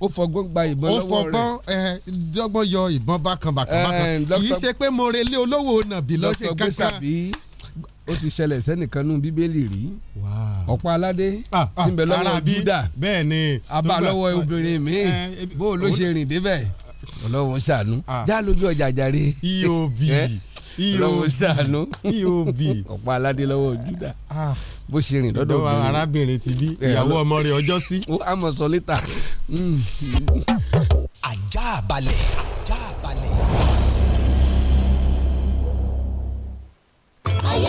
ó fọgbọ́n gba ìbọn lọ́wọ́ rẹ̀ ó eh, fọgbọ́n dọ́gbọ́n yọ ìbọn bákan bákan bákan eh, kì í ṣe pé mo relé olówó nàbí lọ́sẹ̀ kankan ó ti ṣẹlẹ̀ sẹ́nìkan nú bíbélì rí ọ̀pọ̀ aládé ah, ah, tí ń bẹ lọ́wọ́ Júdà abá lọ́wọ́ obìnrin mi eh, eh, eh, bó ló ṣe rìn débẹ̀ ọlọ́run ṣàánú ah. já lójú ọjà jàre e e ọlọ́run ṣàánú e ọ̀pọ̀ aládé lọ́wọ́ Júdà bó ṣe rìn lọ́dọ̀ obìnrin arábìnrin ti bí ìyàwó ọmọ rẹ̀ ọjọ́ sí. ó àmọ̀ sọ hmm. ajá balẹ̀.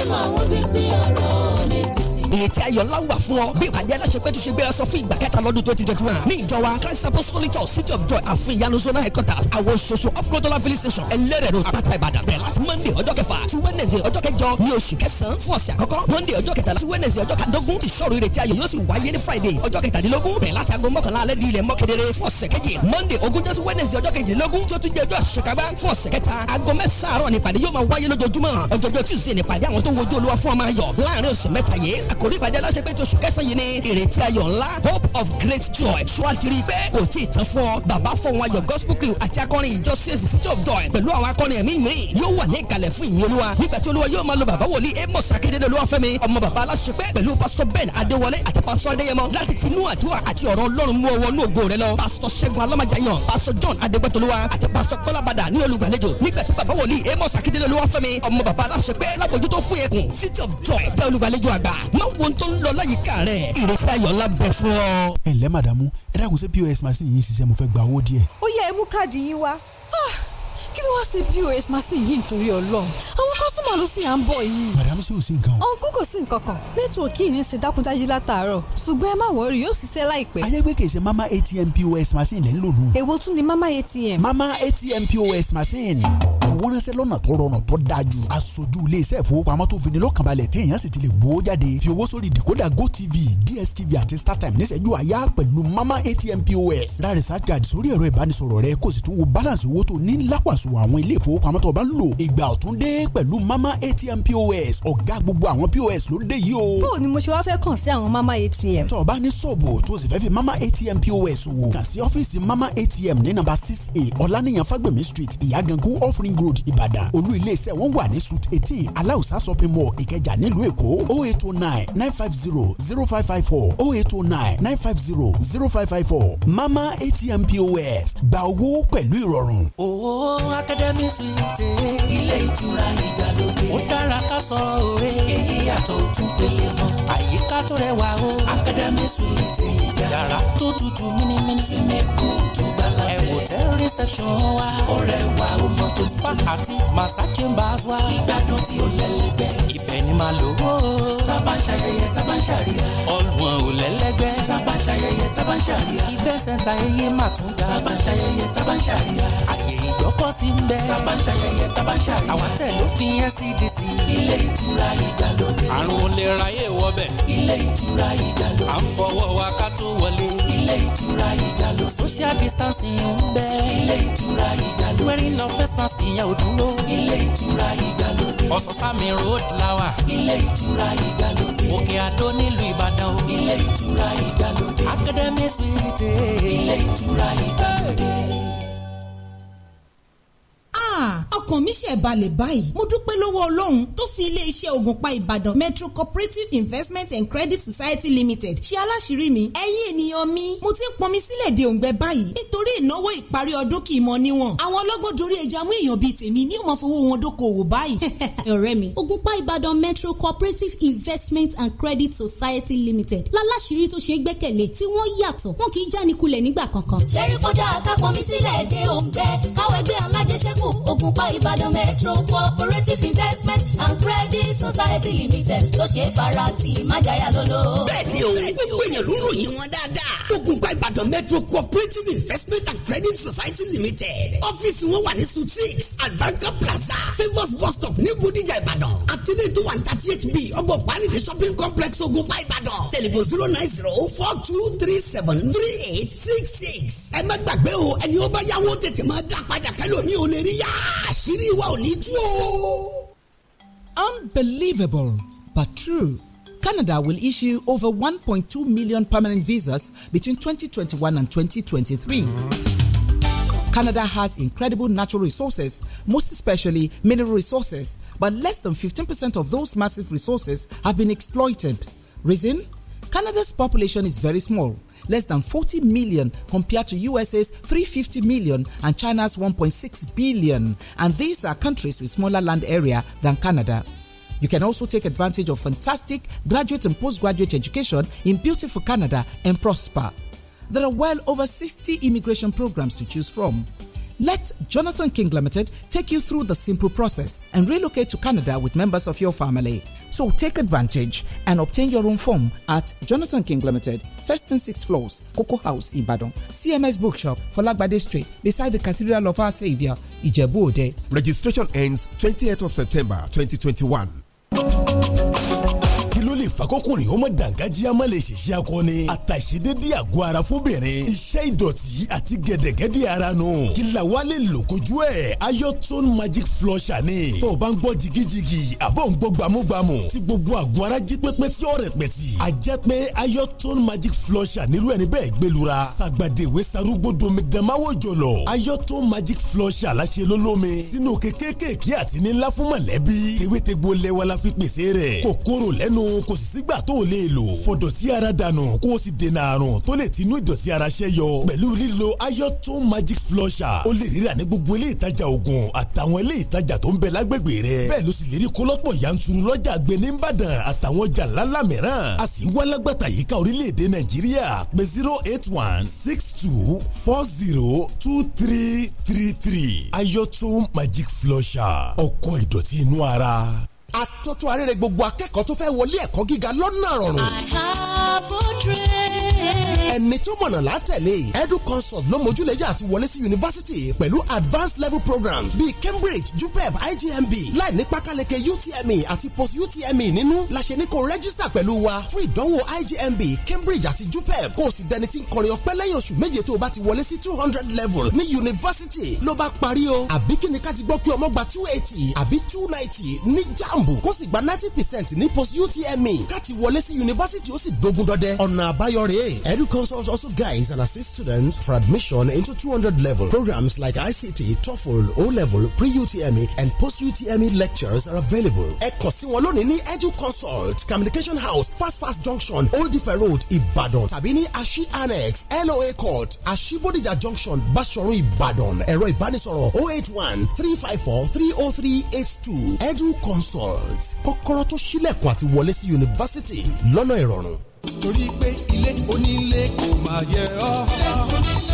mọ̀ wọ́n bí tí ọ̀rọ̀ mi kú ìrètí ayọ̀ ńlá wà fún ọ bí ìpàdé aláṣepẹ́ tó ṣe gbéra sọ fún ìgbà kẹta lọ́dún twenty twenty one ní ìjọ wa Christ Apostolic Church City of Joy àfin ìyanu zona headquarters àwọn ṣoṣo off road dollar village station ẹlẹ́rẹ̀ road àpáta Ìbàdàn bẹ̀rẹ̀ láti Monday ọjọ́ kẹfà sí Wednesday ọjọ́ kẹjọ ní oṣù kẹsàn-án fún ọ̀sẹ̀ àkọ́kọ́ Monday ọjọ́ kẹtàlá sí Wednesday ọjọ́ kàdógún ti ṣọ́ọ̀rù ìrètí ayọ̀ yóò sì wáyé ní Friday ọjọ́ kẹtàdínlógún bẹ̀rẹ̀ láti aago mọ́kànlá alẹ́ di ilẹ̀ mọ́kedere fún ọ̀sẹ̀ kejì Monday ogúnjọ́ sí Wednesday ọjọ́ kejìlélógún tó tún jẹ́ ọjọ́ àṣekágbá fún ọ̀sẹ̀ kẹta aago mẹ́sàn-án àárọ̀ nípàdé yóò máa wáyé lójoojúmọ́ ọjọ́jọ́ Tuesday nípàdé àwọn tó wojú Olúwa fún ọmọ ayọ̀ láàrin ọ̀sẹ̀ mẹ́ta àkórí ìpàdé aláṣẹ pé tóṣù kẹsàn yìí ni ìrètí ayọ̀ ńlá hope of great joy ṣùwàtìrí pé kò tí ì tán fún ọ bàbá fọwọn ayọ̀ gospel crew àti akọrin ìjọ csc city of joy pẹ̀lú àwọn akọrin ẹ̀mí mi yóò wà ní ìkàlẹ̀ fún ìyìn olúwa nígbà tí olúwa yóò máa lo bàbá wòlíì amos akíndélé olúwafẹ́mi ọmọ bàbá aláṣẹ pé pẹ̀lú pastor ben adéwọlé àti pastor adéyẹmọ láti ti àdúrà àti ọ̀rọ̀ ọlọ́run mú ọwọ́ inú ògo rẹ lọ pastor ṣẹ́gun alámájàyàn pastor john adégbẹ́tolúwa àti pastor kọ́lábàdà ní olùgbàlejò nígbà tí bàbá wòlíì amos akíndélé olúwafẹ́mi ọmọ bàbá aláṣẹ pé lábòjútó fún ẹkùn city of joy jẹ́ olùgbàlejò àgbà má wo tó ń lọ láyìíká rẹ̀ ìrẹsì ayọ̀lá bẹ fún ọ. ẹ ǹlẹ́ ẹ dákun sí pos machine yìí ṣiṣẹ́ mo fẹ́ gba owó díẹ̀. ó yẹ ẹ káàdì yín wá ah, kí ló wá sí pos machine yìí nítorí ọlọ́run àwọn kọ́sùmà ló sì à ń bọ̀ yìí. màdàmú sì ò sí nǹkan. ọ̀nkú kò sí nǹkan kan nẹ́tíwọ̀kì yìí ní í ṣe dákúndájí látàárọ̀ ṣùgbọ́n ẹ má wọrí yóò ṣiṣẹ́ láìpẹ́. ayégbé kì í ṣe mama atm pos machine lẹ́ ń lò èwo tún ni mama atm. mama atm pos machine fowó ránṣẹ́ lọ́nà tó rọrùn tó dájú. aṣojú iléeṣẹ́ ìfowópamọ́ tó fini lọ́kànbalẹ̀ tí èèyàn sì ti lè gbowó jáde fi owó sórí decoder gotv dstv àti startime níṣẹ́jú àyà pẹ̀lú mama atm pos. ra research card sórí ẹ̀rọ ìbánisọ̀rọ̀ rẹ kó sì tún wo balance owó tó ní lápàṣọ àwọn ilé ìfowópamọ́ tó bá ń lò. ìgbà ọ̀tun pẹ̀lú mama atm pos ọ̀gá gbogbo àwọn pos ló dé yìí o. bó ni mo ṣe wá fẹ́ kàn sí àwọn mama atm. tó o bá atm pos wò kàn sí ọ́fíìsì mama atm ní nàmbà six a ọ̀lànìyàn fagbemi street ìyàgànkù offering road ìbàdàn olú iléeṣẹ́ wọn wà ní suit eighteen aláùsá shopping mall ìkẹjà nílùú èkó oh eight oh nine nine five zero zero five five four oh eight oh nine nine five zero zero five five four mama atm pos gba owó pẹ̀lú ìrọ̀rùn. owó akademi suite ilé ìtura ìgbàlódé ó dára ká sọ òwe èyí yàtọ̀ òtún pélé mọ́ àyíká tó rẹwà o akademi suite yàrá tó tutù mímímí. sinimu tó gbala fẹ́ ẹ wò tẹ reception wa ọ̀rẹ́ àti massa chambers wá. ìgbádùn tí ó lẹ́lẹ́gbẹ́. ibẹ̀ ni màá lò ó. tábà ń ṣayẹyẹ tábà ń ṣàríyá. ọlùwọ̀n ò lẹ́lẹ́gbẹ́. tábà ń ṣayẹyẹ tábà ń ṣàríyá. ìfẹ́ sẹ́ńtà ẹyẹ mà tún ga. tábà ń ṣayẹyẹ tábà ń ṣàríyá. àyè ìgbọ́kọ̀ sí ń bẹ. tábà ń ṣayẹyẹ tábà àwọn tẹ̀ ló fi NCDC. ilé ìtura ìdàlódé. àrùn olè ráyè wọbẹ̀. ilé ìtura ìdàlódé. à ń fọwọ́ wa ká tó wọlé. ilé ìtura ìdàlódé. social distancing ń bẹ. ilé ìtura ìdàlódé. wearing no face mask ìyẹn ò dúró. ilé ìtura ìgbàlódé. ọ̀sán-sámi road lawa. ilé ìtura ìgbàlódé. òkè àdó nílùú ìbàdàn o. ilé ìtura ìgbàlódé. academy suite. ilé ìtura ìgbàlódé ọkàn mi ṣe balẹ̀ báyìí mo dúpẹ́ lọ́wọ́ ọlọ́run tó fi iléeṣẹ́ ògùnpa ìbàdàn metro cooperative investment and credit society limited ṣe aláṣírí mi ẹ̀yin ènìyàn mi mo ti ń pọnmi sílẹ̀ de òǹgbẹ báyìí nítorí ìnáwó ìparí ọdún kì í mọ níwọ̀n àwọn ọlọ́gbọ́n dorí ẹja mú èèyàn bíi tèmi ní ìmọ̀ fowó wọn dókòwò báyìí. ọ̀rẹ́ mi ògùnpa ìbàdàn metro cooperative investment and credit society limited láláṣírí tó ṣe gbẹ́kẹ̀lé tí wọ́n yàtọ̀ wọn kì í jánikulẹ̀ nígbà kankan. ṣe rí kọjá àkàpọ̀ mi sílẹ̀ de òǹgbẹ káwọ́ ẹgbẹ́ alájẹsẹ́kù ògùnpa ìb ìbàdàn metro cooperative investment and credit society limited tó ṣe é fara ti májàyà lólo. bẹ́ẹ̀ni o gbogbo èèyàn ló ròyìn wọn dáadáa. ògùnbà ìbàdàn metro cooperative investment and credit society limited ọ́fíìsì wọn wà ní suite six albarka plaza favours bus stop ní bodijà ìbàdàn àtẹlẹ tó wà ní thirty eight b ọgbọ panidi shopping complex ògùnbà ìbàdàn tẹlifon zero nine zero four two three seven three eight six six. ẹ má gbàgbé o ẹni ó bá yáwó tètè máa dá padà kẹ́lò ní olè rí yá. àṣì wa ò ní tú o. Unbelievable but true. Canada will issue over 1.2 million permanent visas between 2021 and 2023. Canada has incredible natural resources, most especially mineral resources, but less than 15% of those massive resources have been exploited. Reason? Canada's population is very small less than 40 million compared to USA's 350 million and China's 1.6 billion. And these are countries with smaller land area than Canada. You can also take advantage of fantastic graduate and postgraduate education in beautiful Canada and prosper. There are well over 60 immigration programs to choose from. Let Jonathan King Limited take you through the simple process and relocate to Canada with members of your family. So take advantage and obtain your own form at Jonathan King Limited, first and sixth floors, Coco House, Ibadan, CMS Bookshop, for Folagbade Street, beside the Cathedral of Our Savior, Ijebu Ode. Registration ends 28th of September 2021 ìfàkọ́kùnrin ó mọ̀ dàǹgájíá má lè ṣèṣe akọni àtàṣedédé àgọ́ ara fóbìnrin iṣẹ́ ìdọ̀tí àti gẹ̀dẹ̀gẹ̀dẹ̀ ara nù kí la lè lò kojú ẹ̀ ayọ́tún magic flusher ni tó o bá ń gbọ́ jigijigi àbọ̀ ń gbọ́ gbàmúgbàmù tí gbogbo àgọ́ ara jí pépé tí ó rẹ̀ a jẹ́ pé ayọ́tún magic flusher nírú ẹni bẹ́ẹ̀ gbẹlura sàgbàdéwé sarúgbó domidamawo jọlọ ayọ́tún magic flusher láṣẹ lólómi sínú kékékèké àti nílá fún mọ̀lẹ́bí tewétegbò lẹ́wà la fi pèsè rẹ̀ kòkòrò lẹ́nu kò s sígbà tó o lè lò fọ̀dọ̀tí ara dànù kó o sì dènà àrùn tó lè tinú ìdọ̀tí ara ṣẹ́yọ pẹ̀lú lílo ayọ́tún magic flusher o lè rírà ní gbogbo ilé ìtajà oògùn àtàwọn ilé ìtajà tó ń bẹ lágbègbè rẹ bẹ́ẹ̀ ló sì lè rí kólọ́pọ̀ yanturu lọ́jà gbẹ̀ní ìbàdàn àtàwọn ọjà ńláńlá mìíràn a sì ń wá lágbàtà yìí ká orílẹ̀-èdè nàìjíríà pé zero eight one six two four zero two three three three ayọ́tún magic flusher ọkọ̀ ìdọ̀tí inú ara atótó arére gbogbo akẹ́kọ̀ọ́ tó fẹ́ wọlé ẹ̀kọ́ gíga lọ́nà rọrùn. I have a dream ẹni tó mọ̀nà látẹ̀lé edu consult ló mójúlẹ̀jà àti wọlé sí yunifásitì pẹ̀lú advanced level programs bíi Cambridge JUPEB IJMB láì ní pákáleke UTME àti post UTME nínú la ṣe ní kó rẹ́gísítà pẹ̀lú wa fún ìdánwò IJMB Cambridge àti JUPEB kó o sì dẹni tí ń kọrin ọpẹ́ lẹ́yìn oṣù méje tó o bá ti wọlé sí two hundred level ní yunifásitì ló bá parí o àbí kí ni ká ti gbọ́ pé ọmọ gba two eighty àbí two ninety ní jambu kó sì gba ninety percent ní post UTME ká ti wọlé sí yunifásitì ó sì dogun dọdẹ ọ̀nà àbáyọ rèé edu consult sponsors also guides and assists students for admission into 200 level. Programs like ICT, TOEFL, O level, pre UTME, and post UTME lectures are available. Ẹ kàn sí Edu Consult, Communication House, Fast Fast Junction, Old Ife Road, Ibadan. Tabini Ashi Annex, LOA Court, Ashibodija Junction, Bashorun, Ibadan. Ẹ̀rọ ìbánisọ̀rọ̀ 081 354 30382. Edu Consult, Kokoroto tó ṣílẹ̀kùn àti wọlé sí yunifásítì lọ́nà torí pé ilé onílé kò máa yẹ ọ́. ilé onílé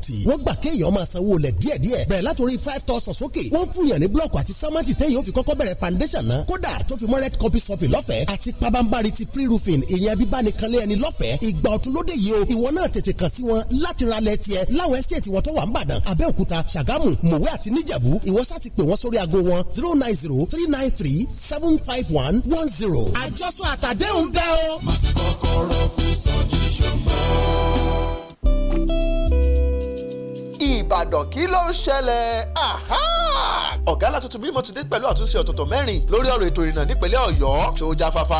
property wọ́n gbà kéèyàn máa sanwó lẹ̀ díẹ̀díẹ̀ bẹ̀rẹ̀ látòrí five thousand sókè wọ́n fún yàn ní blọọkù àti sámẹ́ǹtì téèyàn fi kọ́kọ́ bẹ̀rẹ̀ foundation náà kódà tó fi mọ́ red copy sọ́fìn lọ́fẹ̀ẹ́ àti pabambari ti free roofing ìyẹn bíbá ni kanlé ẹni lọ́fẹ̀ẹ́ ìgbà ọ̀tun lóde yìí o ìwọ náà tètè kàn sí wọn láti ra lẹ̀ tiẹ̀ láwọn estate wọn tó wà ń bàdàn abẹ́òkúta ṣàgámù mòwe àti níjàbù ìwọ sá ti pè wọ́n sórí ago wọn zero nine zero three nine three seven five one one zero. àjọsọ àtàdéhùn bẹ́ẹ̀ o. màsí kọ́kọ́rọ́ kù sọ́jí ṣùgbọ́n. ìbàdàn kí ló ń ṣẹlẹ̀ ọ̀gá alátuntun bímọ ti dé pẹ̀lú àtúnṣe ọ̀tọ̀tọ̀ mẹ́rin lórí ọ̀rọ̀ ètò ìrìnnà nípínlẹ̀ ọ̀yọ́ tó já fafa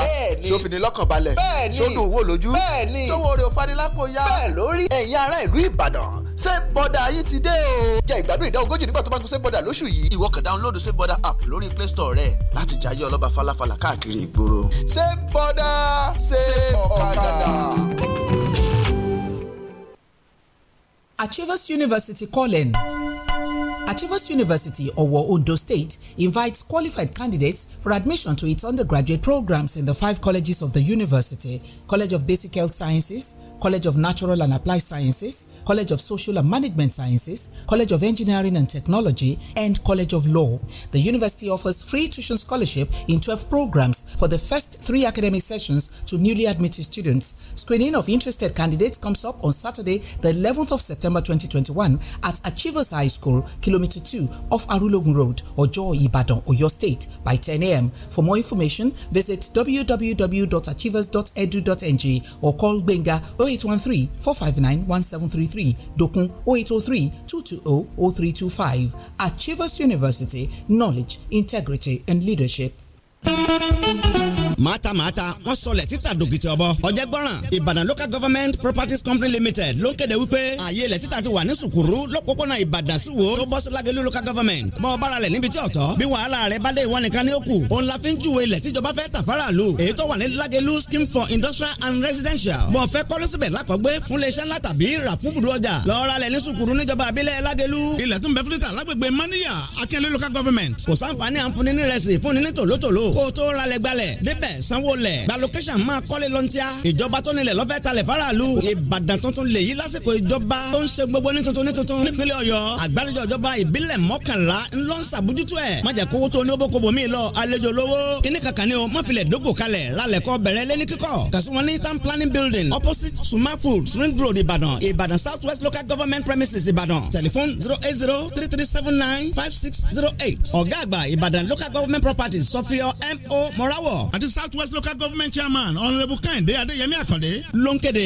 tó fi ní lọ́kàn balẹ̀ tó dùn wò lójú tó wo orí òfanilápò ya bẹ́ẹ̀ lórí ẹ̀yin ará ìlú ìbàdàn ṣé bọ́dà yín ti dé o. jẹ́ ìgbádùn ìdá ogójì nígbà tó bá ń gbé ṣé bọ́dà lóṣù yìí ìwọ kan dáńlódù ṣé bọ́dà app lórí play store rẹ láti jayé ọlọ́ba falafala káàkiri ìgboro. ṣé bọ́dà ṣé ọ̀kadà. Achievers University calling. Achievers University, Owo Ondo State, invites qualified candidates for admission to its undergraduate programs in the five colleges of the university College of Basic Health Sciences, College of Natural and Applied Sciences, College of Social and Management Sciences, College of Engineering and Technology, and College of Law. The university offers free tuition scholarship in 12 programs for the first three academic sessions to newly admitted students. Screening of interested candidates comes up on Saturday, the 11th of September 2021 at Achievers High School, kilometer kilometer 2 off Arulogun Road, Ojo, Ibadan, Oyo State by 10 a.m. For more information, visit www.achievers.edu.ng or call Benga 0813 459 1733, Dokun 0803 220 0325. Achievers University, knowledge, integrity, and leadership. màtàmàtà wọ́n sọlẹ̀ títà dògìtì ọ̀bọ. ọ̀jẹ̀gbọ́ràn ìbàdàn local government properties company limited ló ń kéde wípé ààyè ilẹ̀ títà ti wà ní sùkúrú lọ́pọ̀pọ̀nà ìbàdàn sí wo tó bọ́ sí lágẹ̀lú local government. mọ bára lẹ̀ níbi tí ọ̀tọ̀ bí wàhálà rẹ̀ bá dé ìwọ nìkan ní òkù òun la fi ń júwe ilẹ̀ tíjọba fẹ́ tàfárà lù èyí tó wà ní lágẹ̀lú scheme for industrial and residential. bọ̀ fẹ́ kọ́lé síbẹ̀ lákọ̀gbé fún iléeṣẹ́ ńlá tàbí rà fún ibùdó ọjà lọ́ọ́ra lẹ̀ ní sùkúrú níjọba àbílẹ̀ lágẹ̀lú. local government. kò sáǹfààní àǹfọ̀ní nírẹsì fún ní tòlótòló kó tó sanwó lẹ̀ gba location máa kọ́lé lọ́ntíá ìjọba tó nílẹ̀ lọ́fẹ́ talẹ̀ faraàlú ìbàdàn tuntun lè yí lásìkò ìjọba tó ń ṣe gbogbo ní tuntun ní tuntun nípínlẹ̀ ọ̀yọ́ àgbáríjọ ìjọba ìbílẹ̀ mọ́kànlá ńlọ ń sàbójútó ẹ̀ má jẹ́ kówó tó ní ó kobo mi lọ àlejò lówó kíní kankan ni o má filẹ̀ dógò kalẹ̀ lálẹ́ kọ́ bẹ̀rẹ̀ lẹ́ni ní town planning opposite suma food ring road ìbàdàn ìbàdàn local government premises ìbàdàn telephone zero eight zero three three seven nine five six zero eight ọ̀gá àgbà local government properties sọfíọ mo morawo àti South West Local Government Chairman Honourable Kẹ́hìndé Adéyẹmí Àkàndé ló ń kéde.